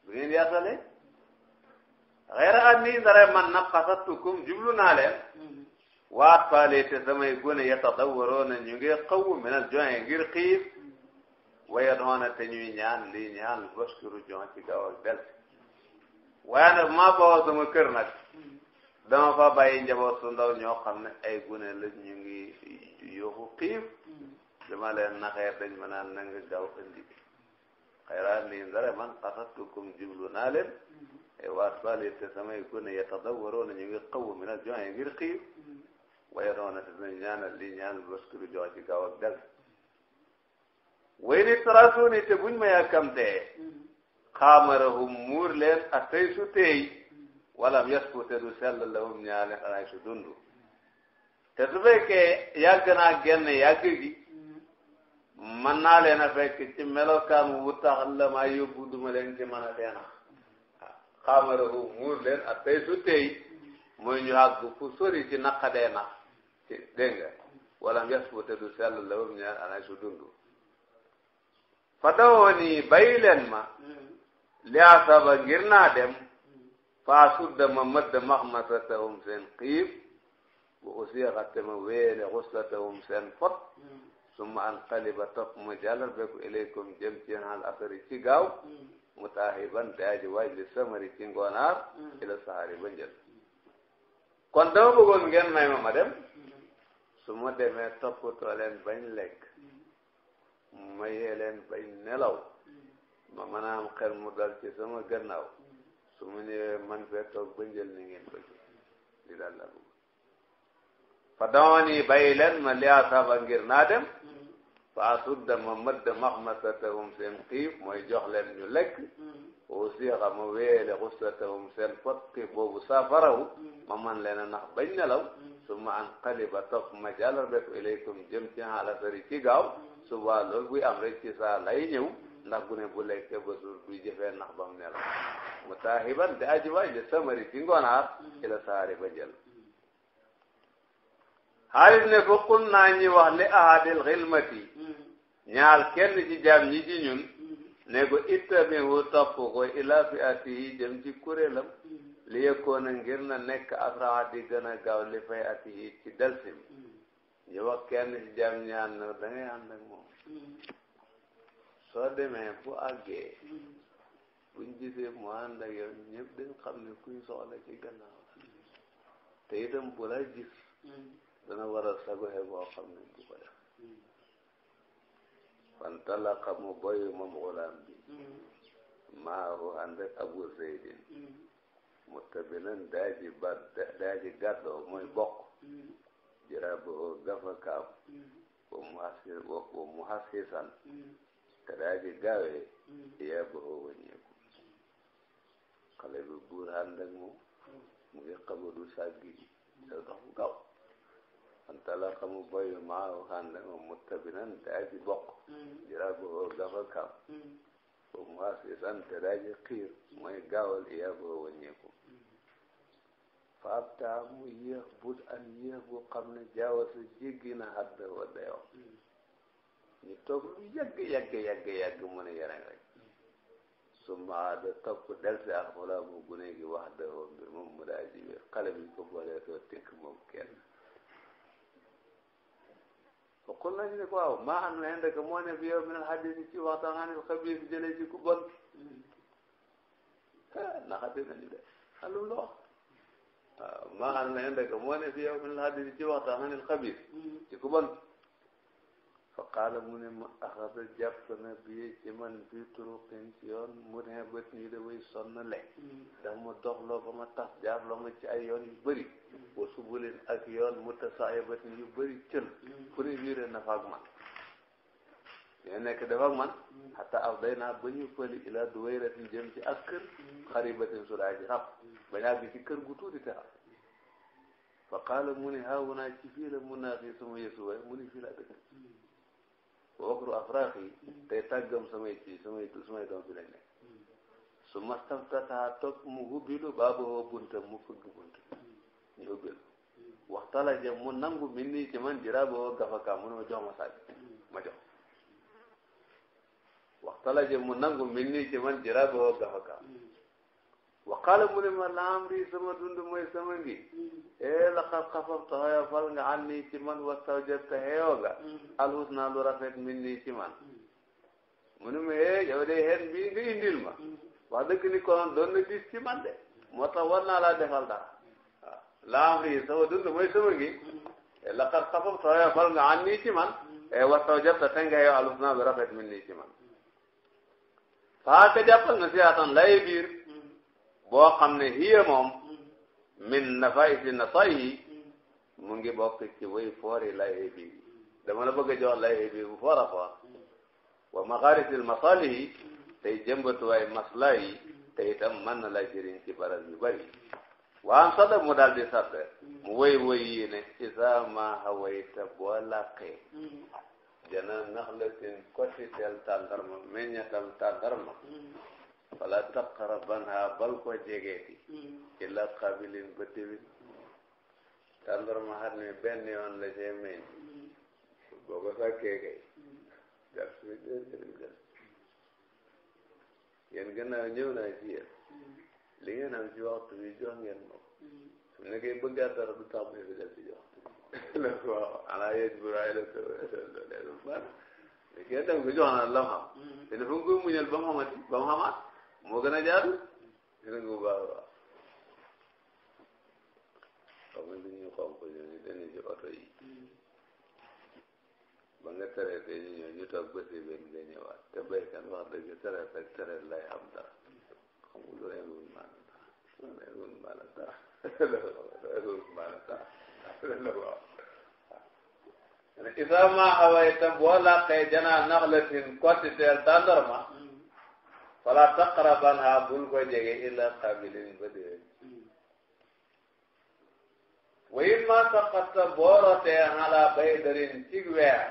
bi ngeen yaatale xeera an nii ndare man nag xasattukum jublu naa leen waat faale te samay gone yatadawaroona ñu ngi xaw minal joxe ngir xiif waye doona te ñuy ñaan li ñaan baskuru jon ci gaaw ak del waaye nag maa bawoo sama kër nag dama fa bàyyi njaboot su ndaw ñoo xam ne ay gune la ñu ngi yooxu xiif dama leen naxee dañ ma na nga gaaw indi xeera an nii ndare man xasattukum jublu naa leen وأطفالي te samay gone يتضورون ñu ngi xaw min al-juu' ngir xiif ويدعون te dinañ ñaanal li ñaanal bés ku du jox ci gaaw ak dal وإن تراسوني te buñ ma yàkkamtee xaamarahum muur leen atay su tey walam yasku te du sell lahum ñaale xanaa su dund te su fekkee yàgg naa genn yàgg gi mën naa leen a fekk ci melokaan wu tax la maa yóbbu duma leen ci mën a teena xaamarahu muur leen ak tey su tey mooy ñu àgg fu ci naqadee na ci dégg nga du sell la wam ñaar ana su fa dawoo nii ma li asaba ngir naa sudda ma mëdd maxmasatahum ma wéele xuslatahum seen fot summa an xaliba topp ma ci gaaw mutaahiban te aji waaj li samari ci ngoonaar ila sahari ba kon dama bëggoon ngeen may ma ma dem su ma demee toppatoo leen bañ lekk may yee leen bañ nelaw ma mën a am xel mu dal ci sama gannaaw su ma ñëwee man fee toog ba ni ngeen bëgg li daal la bëgg fa dama nii bàyyi ma li asaaba naa dem faa sudda ma mëdd maxmasatahum seen xiif mooy jox leen ñu lekk oo siixa ma weele xusatahum seen pot xiif boobu saafaraw ma man leen a nax bañ nelaw su ma an xaliba topp ma jàllar bek ilaykum jëm ci xaalasari ci gaaw subaa loolu buy am rek ci saa lay ñëw ndax gune bu lekke ba suur buy jëfee nax bam nelaw mu taahiban di aji waay li samari ci ngonaar ci la ba jël xaalis ne ko kun naa ñi wax li ahadil xilmati ñaal kenn ci jaam ñi ci ñun ne ko ittabihu topp ko ila fi atihi jëm ci kuréelam li yëkkoona ngir na nekk ak asraxa di gën a gaaw li fay atihi ci delsim ñu wax kenn ci jaam ñi ànd na da ak moom soo demee bu àggee buñ gisee mu ànd ak yow ñëpp dañ xam ne kuy soxla ci gannaaw te itam bu la gis dana war a sagoxe boo xam ne bu ko def fantalaqa mu boyu moom xulaam bi maahu ànd ak abu zeydin muttabilan daaji ba daaji gàddoo mooy bokk jiraboo gafakaam wa mu hasir wa mu hasisan te daaji gaawee iyaaboo wàññeeku xale bi buur ànd ak moom mu ngi xabadu sàggi da dox gaaw antala xamu bayu maa o hande o muttabinan aji bokk jira bo gafa kam o muhasisan te daji xiir mooy gaawal iya bo wàññeeku faab taa mu yéex bud an yéex bu xam ne jaawasa jéggi na dayoo ñu toog lu yàgg yàgg mu ne yeneen rek su ma da ak xola mu gune gi wax dayoo mu daa ji wér xale ko boolee soo tënk moom kenn fa qul nañu ne ko waaw maa xam ne indaka moo ne fi yow min al hadis ci waxtaan ci ku bon ah, naxate nañu de xalum ah, loo waaw ah, maa xam ne fi yow min al hadis ci waxtaan anil xabiis mm-hmm. ci ku fa qaala mu ne ma axada jàpp na bii ci man bi turuqin ci yoon mu ne bët nii da way sonn le dafa ma doxloo ba ma tas jaarloo ma ci ay yoon yu bëri wa subulin ak yoon mu tasaaya bët nii yu bëri cël fu ne wiire na fa man ñoo nekk dafa ak man xataa aw day naa ba ñu fëli ilaa du way jëm ci ak kër xaribatin sudaa ji rab bañaa bi ci kër gu tuuti te rab fa qaala mu ne haawunaa ci fii la mun naa fii sama yesu waaye mu ne fii laa dëkk wokru afraax yi tey tàggam samay ci samay samay doom fi lañ nekk su mastaftataa toog mu hubbilu baaboo buntam mu fëgg bunt ñu hubbilu waxtalaje mu nangu min nii ci man jiraaboo gafaka mu ne ma jox ma sàgg ma jox waxtalaje mu nangu min nii ci man jiraaboo gafaka waqaala mu ma laam ri sama dund mooy sama ngi eh laqad xafafta xoyofal nga an nii ci man wastawjabta xeeyoo nga alhusna lu rafet min nii ci man ma eh yow de xeen bii nga ma wax ni konoon doon na gis de moo tax war naa laa defal dara waaw laam ri sama dund mooy sama ngi eh laqad xafafta xoyofal nga an nii ci man eh wastawjabta te nga xeeyoo alhusna rafet min nii ci man ka jàppal na si lay biir boo xam ne hiya moom mm-hmm. min nafaisi nasayi mm-hmm. mu ngi bokk ci way foori layebi dama la bëgg a jox layebi bu foor a foor mm-hmm. wa maxaarisil masalihi tey jëmbatuwaay masla yi te itam mën na la jëriñ ci baral yu bari waan sadda mu daal di sadda mu woy woy ne isa hawayta boo làqee jana naxlatin kotitel tàndarma meññatam tàndarma fala taqrabanha bal ko jegeeti ila qabilin ba déwén tàndarma xam ne benn yoon la cee meñ boo ko sakkee kay jàpp si dégg yéen gannaaw ñëw naa ci yéen li ngeen am ci waxtu bi jox ngeen ma ko su ne kay bëggaa dara du tax ma fi def ci jox la ko ala yej buraay la to leen fan kenn dem ko jox na la xam te dafa koy muñal ba mu xamati ba moo gën a jaadu dina nga bu baax a baax xam nga li ñuy xonk oto yi ba nga traité ñu ñëw ñu toog ba si benn nga te béykat wax dëgg traité rek traité lay xam dara xam nga lu leen wul maana dara lu leen wul maana dara lu leen wul maana dara isa ma xawayta boo fala taqrabanha bul ko jege illa qabilin ba déwén wa in ma saqatta boorotee ala baydarin ci weer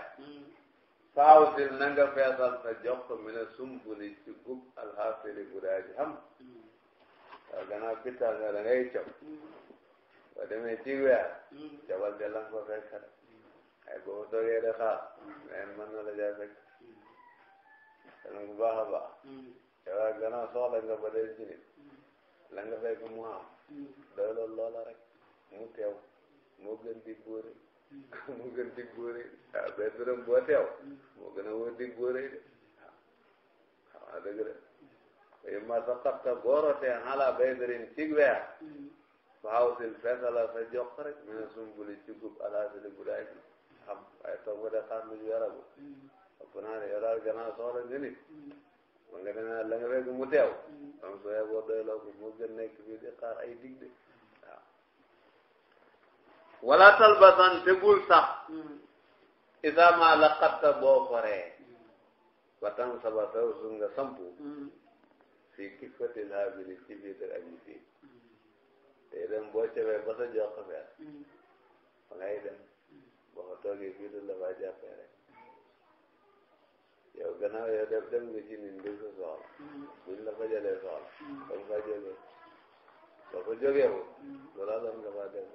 faawsil na nga feesal sa jox ko mi ne sumbuli ci gub alxaasili gudaaji xam waaw gannaaw pittal nga da ngay cob ba demee ci weer jabal de lan ko fekk ay boo dogee de xaar mais mën na la jaa fekk dana bu baax a baax waaw gannaaw nga ba dee ci mm. la nga fekk mu am mm. doy loola rek mu teew moo gën di góore moo mm. gën di góore waaw ah, benn dërëm boo teew moo gën a wóor di góore de ah, waaw dëgg de yu ma sa xatta boorotee xala bay dërin cig weer fa xaw sil feesala sa jox rek mu ne ci gub alaasili gudaay bi xam waaye toog ba de xaar lu ñu yaragu ëpp naa ne yow daal gannaaw ba nga demee fekk mu teew am soo yeboo doyloo ko moo gën nekk bi di xaar ay dig de waaw wala talbasan te bul sax isaama la xatta boo foree watan saba taw su nga sampu fii ki fatil haabili ci biir ak ñi fii boo cebee ba sa feer fa ngay dem boo ko toogee fii du la faa jàppee rek yow gannaaw yow dem ko mm-hmm. mm-hmm. mm-hmm. loolaa doon nga faa dem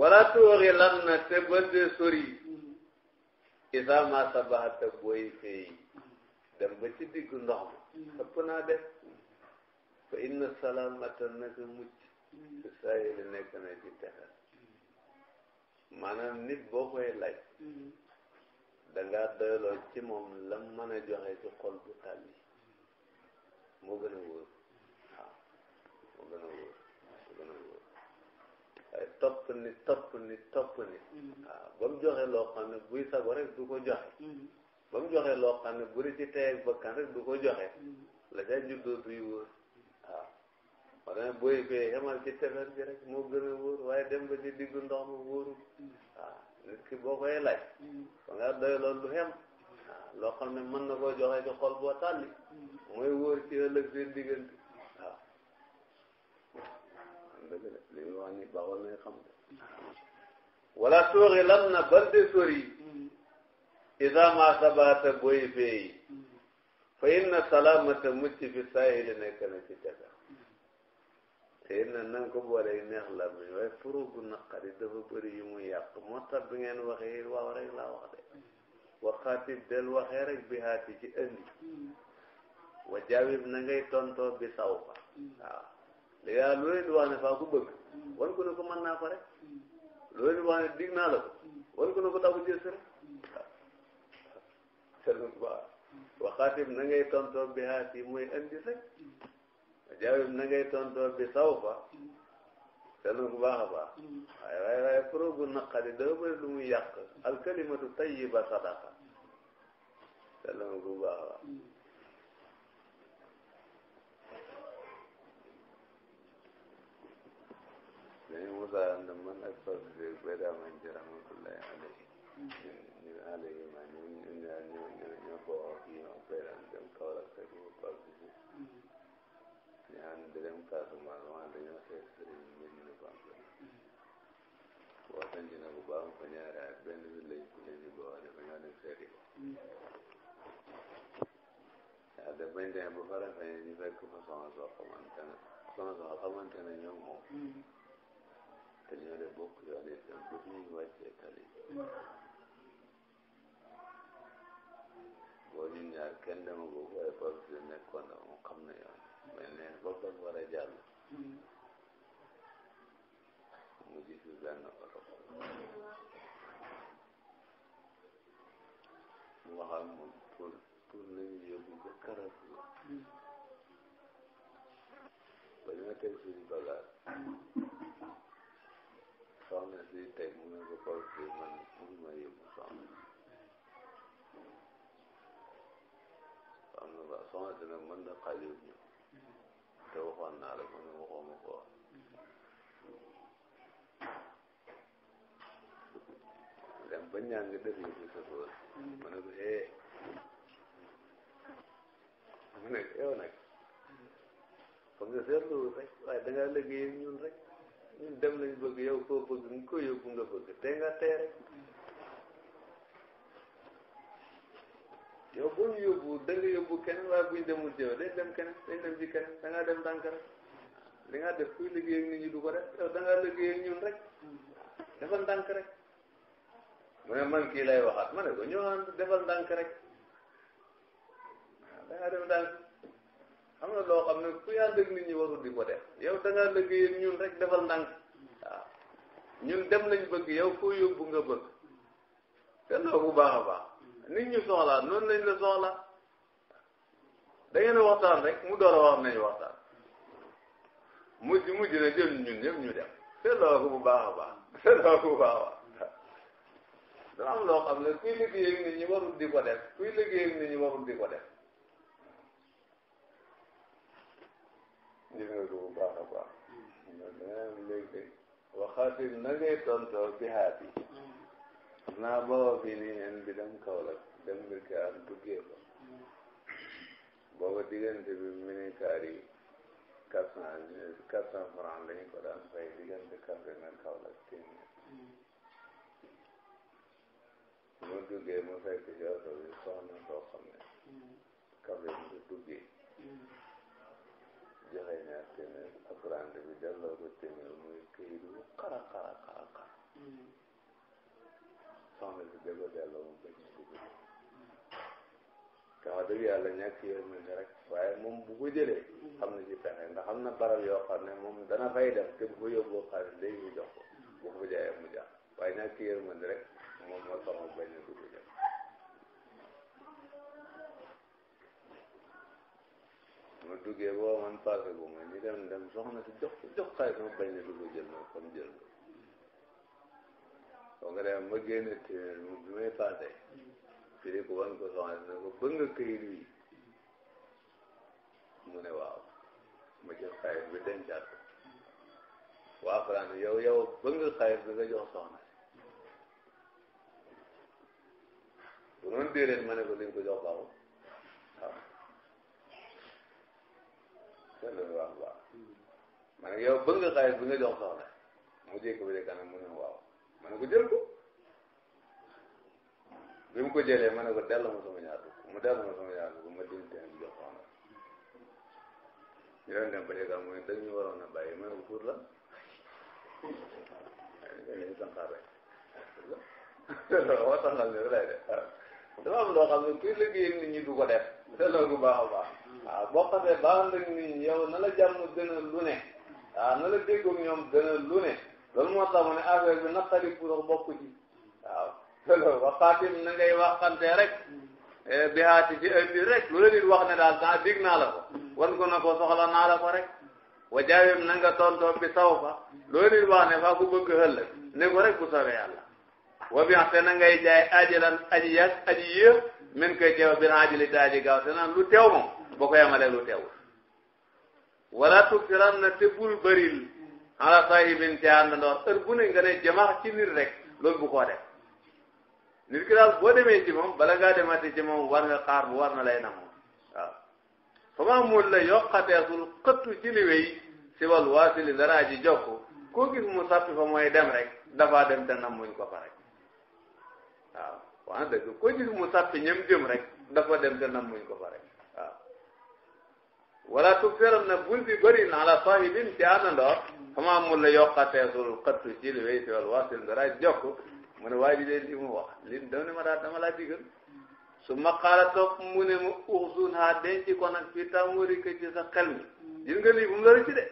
wala tuuri lan na te bëdde sori isa ma sabaxata booy dem ba ci diggu ndox ma ëpp naa def fa inna salaamata naka mucc su saa yi na maanaam nit boo koy laaj danga doyloo ci moom lam mën a joxe ci xol bu tàlli moo gën a wóor waaw moo gën a wóor topp ni topp ni topp ni mm-hmm. ba mu joxe loo xam ne buy sago rek du ko joxe mm-hmm. ba mu joxe loo xam ne bu ci tey ak bakkan rek du ko joxe mm-hmm. la ca juddoo duy wóor waaw moo tax ci tefes bi rek moo a wóor waaye dem ba ci diggu ndox ma wóorul waaw nit ki boo koy laaj ba mm. nga doy loolu lu mm. loo xam ne mën na koo joxe ci xol boo tànni mm. mooy wóor ci ëllëg seen diggante waaw dëgg la li ñu wax ni baaxoon nañ xam wala suuxi lan na bande sori isa ma sabata boy feeyi fa inna salamata mucc fi saahili nekk na ci jaga te it na nga ko booleeg neex la muy waaye furu bu naqari dafa bëri yu mu yàq moo tax bi ngeen waxee waaw rek laa wax de waxaati del waxee rek bi haati ci andi wa jaawib na tontoo bi saw fa waaw léegi daal loolu di wax ne faa ko bëgg wan ko ne ko mën naa ko rek loolu wax ne dig la ko wan ko ne ko daw jës rek waaw waxaati tontoo bi haati mooy andi rek jaawib na ngay tontoo bi saw fa seetlu bu baax a baax waaye waaye waaye progu naqari dafa bëri lu muy yàq alkalimatu tayiba sadaqa seetlu bu baax a baax dañu Musa ànd man ak fas bi ba daa man ci rahmatullahi alayhi ñu alayhi ma ñu ñu ñu ñu ko wax ñoo dem Casamance maa dañoo xeex sëriñ bi ñu ne Bambey waxtaan ci ne bu baax fa ñaari at benn bi lañ ko leen di boole ba ñoo dem seeti ko. waaw de bañ demee ba faral fay ñu fekk fa soxna soo xamante ne soxna soo xamante ne ñoom moom. te ñoo de bokk yoon itam ba fi ñuy wàccee tali. boo ñu ñaar kenn dama boobu ay boobu nekkoon na mu na yoon. mel ne boppam war a jàll hmm. mu gis benn oto mu wax ak moom pour pour nañu yóbbu ko karab hmm. ba ñu teg suñu bagage soxna si teg mu ne ko xool man mun ma yóbbu soxna soxna si nag mën na xale ñu te waxoon naa la man waxuma ko dem ba ñaan nga def yi ci sa tool ma ne eh mu ne yow nag fa nga seetlu rek waaye da ngaa liggéey ñun rek ñun dem lañ bëgg yow koo bëgg nga ko yóbbu nga bëgg yow boo ñu yóbbu da nga yóbbu keneen waaye bu ñu demul ci yow day dem keneen day dem ci keneen da ngaa dem dànk rek li nga def kuy liggéey ak nit ñi du ko def yow da ngaa liggéey rek defal ndànk rek mu man kii lay waxaat ma ne ko ñoo ànd defal ndànk rek da dem ndànk xam na loo xam ne ku ànd ak nit ñi di ko def yow da ngaa liggéey rek defal ndànk waaw ñun dem lañ bëgg yow koo yóbbu nga bëgg te loolu bu baax a baax nit ñu soxlaa noonu lañ la soxla da ngeen waxtaan rek mu door a wax nañ waxtaan mujj mujj na jël ñun ñëpp ñu dem seetloo ko bu baax a baax seetloo ko bu baax a baax dana am loo xam ne kuy liggéey ak nit ñi warul di ko def kuy liggéey ak nit ñi warul di ko def gis nga ko bu baax a baax hmm. léegi waxaatin na ngay tontoo bi haati hmm. naa bawoo fii nii hen bi dem Kaolack dem Birkilaan duggee fa booba diggante bi militaire yi quatre cent quatre cent franc lañu ko daan fay diggante Kaffrine ak Kaolack téeméer mu duggee mu fekk ci oto bi soxna soo xam ne Kaffrine du duggee joxe ñaar téeméer ak rende bi delloo ko téeméer muy këyit bu xara xara xara xara wax dëgg yàlla ñàkk yërmande rek waaye moom bu ko jëlee xam na ci pexe ndax xam na barab yoo xam ne moom dana fay dem te bu ko yóbboo xaalis léegi mu jox ko bu ko jaayee mu jax waaye ñàkk yërmande rek moom moo sama bañ a dugg dem ma duggee boo man passé bu ma ñu dem dem soxna si jox jox xaalis ma bañ a dugg jël ma comme ko soo ko dem ma génn mu bi may firi ko wan ko soxna si ne ko bëgg nga mu ne waaw ma jël xayit bi dencaat ko waa France yow yow bëgg nga xayit bi nga jox soxna si bu noonu déedéet ma ne ko liñ ko jox ma ne yow bëgg nga xayit bi nga jox soxna mu jékki bi de kanam mu ne waaw ma ne ko jël ko bi mu ko jëlee ma ne ko delloo ma sama ñaar dugg mu delloo ma sama ñaar dugg ma dindi teen bi jox ko Omar ñu doon dem ba léegi am mooy dañu waroon a bàyyi ma ne ko pour la dañuy sanqal rek moo sanqal ne lay def dafa am loo xam ne kuy liggéey nit ñi du ko def delloo ko baax a baax waaw boo xasee baax nag nit ñi yow na la jàmm gën a lu ne waaw na la déggoog ñoom gën a lu ne loolu moo tax mu ne affaire bi naqari pour bokk ci waxaatim na waxante rek e, bihaati ci ay rek lu la wax ne daal saa dig naa la ko wan ko na ko soxla naa la ko rek wa jaawim na bi saw fa lu la nit wax ne faa ku bëgg ëllëg ne ko rek bu soobee yàlla wa bi te na jaay ajilan aji yas aji yéex min koy teew bin ajili te aji gaaw te naan lu teew moom boo ko yemalee lu teew wala tuksiran na te bul bëril ala sahibin ci àndandoor heure bu ne nga ne jamaax ci nit rek loolu bu ko nit ki daal boo demee ci moom bala ngaa demaatee ci moom war nga xaar bu war na lay na moom waaw fama mun la yokkateesul xëttu ci li wéy si wal waasili daraa ji jokk koo gis mu sàppi fa mooy dem rek dafaa dem ko fa rek waaw waa dëgg koo gis mu dafa dem te nam muñ ko fa rek waaw wala tu feral na bul bi bëri na ala sahibin ci àndandoor fama mun la yokkateesul xëttu ci li wéy si wal waasili daraa ji jokk mu ne waa ji de mu wax li dama ne ma daal dama laa digal su ma toog mu ne ma uxsun ha denc ko nag fi tàmmori ko ci sa xel mi nga lii bu la rëcc de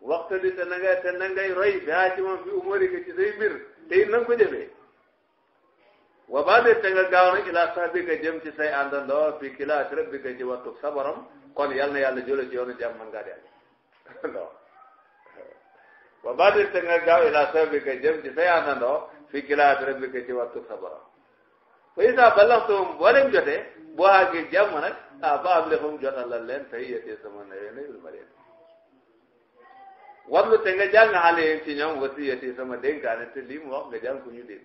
waxtu li te na te na ngay roy bi haa ci moom fi umari ko ci say mbir te it na ko jëfee wa ba de te nga gaaw na ilaa sax bi nga jëm ci say àndandoo fi kilaas rek bi ci wattu sa kon yal na yàlla jële ci yoonu jàmm man ngaa dellu wa ba de te nga gaaw ilaa sax bi nga jëm ci fi kilaati rabbika ci wattu sa borom fa isa ballaxtuhum boo leen jotee boo àggee jàmm nag ah ba am lefum jotalal leen tey yétee sama nawee nayul ma leen warlu te nga jàng xale ci ñoom wasiyati sama dénkaane te lii mu wax nga jàng ko ñu dégg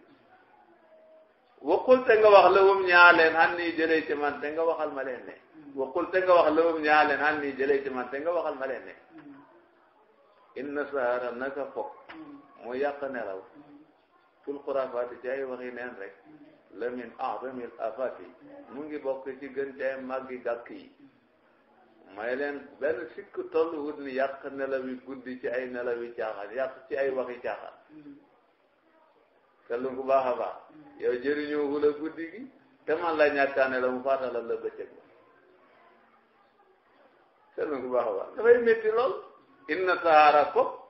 waqul te nga wax lawum ñaa leen xan nii jëlee ci man te nga waxal ma leen ne waqul te nga wax lawum ñaa leen xan nii jëlee ci man te nga waxal ma leen ne mm. inna sahara naka fokk mu mm. yàq nelaw mm. fil xuraafaati ci ay waxi neen rek la min aadamil afaati mu ngi bokk ci gën tey màggi gàkk yi may leen benn sikk tollu wut ni yàq nelawi guddi ci ay nelawi caaxaan yàq ci ay waxi caaxaan seetlu ku baax a baax yow wula guddi gi te man la ñàkkaane la mu faatalal la bëccëg ba seetlu ku baax a baax dafay métti lool inna sahaara ko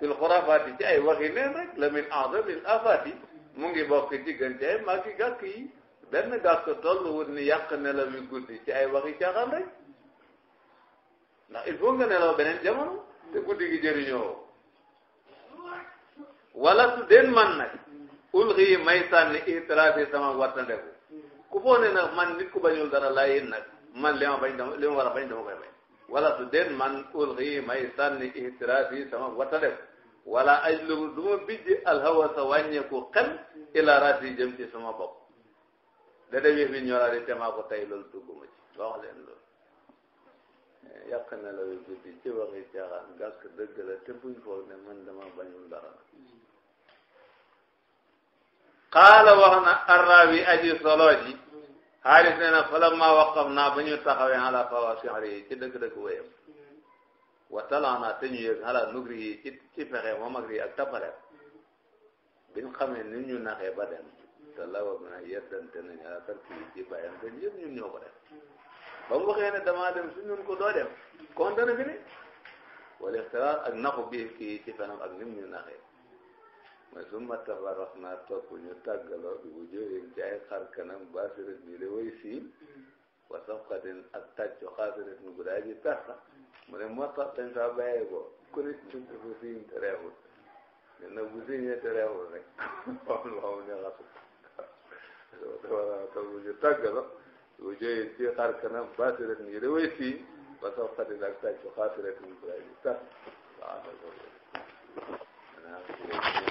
fil xurafaati ci ay waxi neen rek la min azamil afaati mu ngi bokk ci gën ci ay màggi gàkk yi benn gàkk tolluwut ni yàq nelaw yu guddi ci ay waxi caaxaan rek ndax il faut nga nelaw beneen jamono te guddi gi jëriñoo wala su den man nag ulxi may sànni itiraasi sama wattandeku ku foo ne nag man nit ku bañul dara laa yéen nag man li ma bañ dama li ma war a bañ dama koy bañ wala su den man ulxi may sànni itiraasi sama wattandeku wala ajlubu du ma bijji alhawasa wàññeeku xel ila rati jëm ci sama bopp da dem yëf yi ñoraari te maa ko tey loolu dugguma ci ba loolu yàq na la guddi ci waxi caaxaan gàkk dëgg la te buñ foog ne man dama bañul dara qaala wax na arraawi aji solo ji xaalis falamma waqaf naa ba ñu taxawee ala fawasiri ci dëgg-dëgg wéyam watalana te ñu yëg xalaat nugri yi ci ci fexe moom ak yi ak tappareem bi xamee ni ñu naxee ba dem te lawa bi nag yeddante nañu ala tarki yi ci bàyyam te yëpp ñun ñoo ko def ba mu waxee ne damaa dem su ñun ko doo dem dana fi ne wala ixtiraar ak naxu biir kii ci fenam ak nim ñu naxee mais su ma tabarak naa topp ñu tàggaloo bi bu jóoyeen ci xar kanam basira bi la way siin wa safqatin ak tàccu xaasiratin bu daa ji perte mu ne moo tax dañ faa bàyyee ko ku ne ci bu siiñ te reewul ne na bu siiñee te reewul rek ne xasu te bu ñu tàggaloo bu jóyee ci xar kanam baasiratin yi daway siiñ wa safqatin ak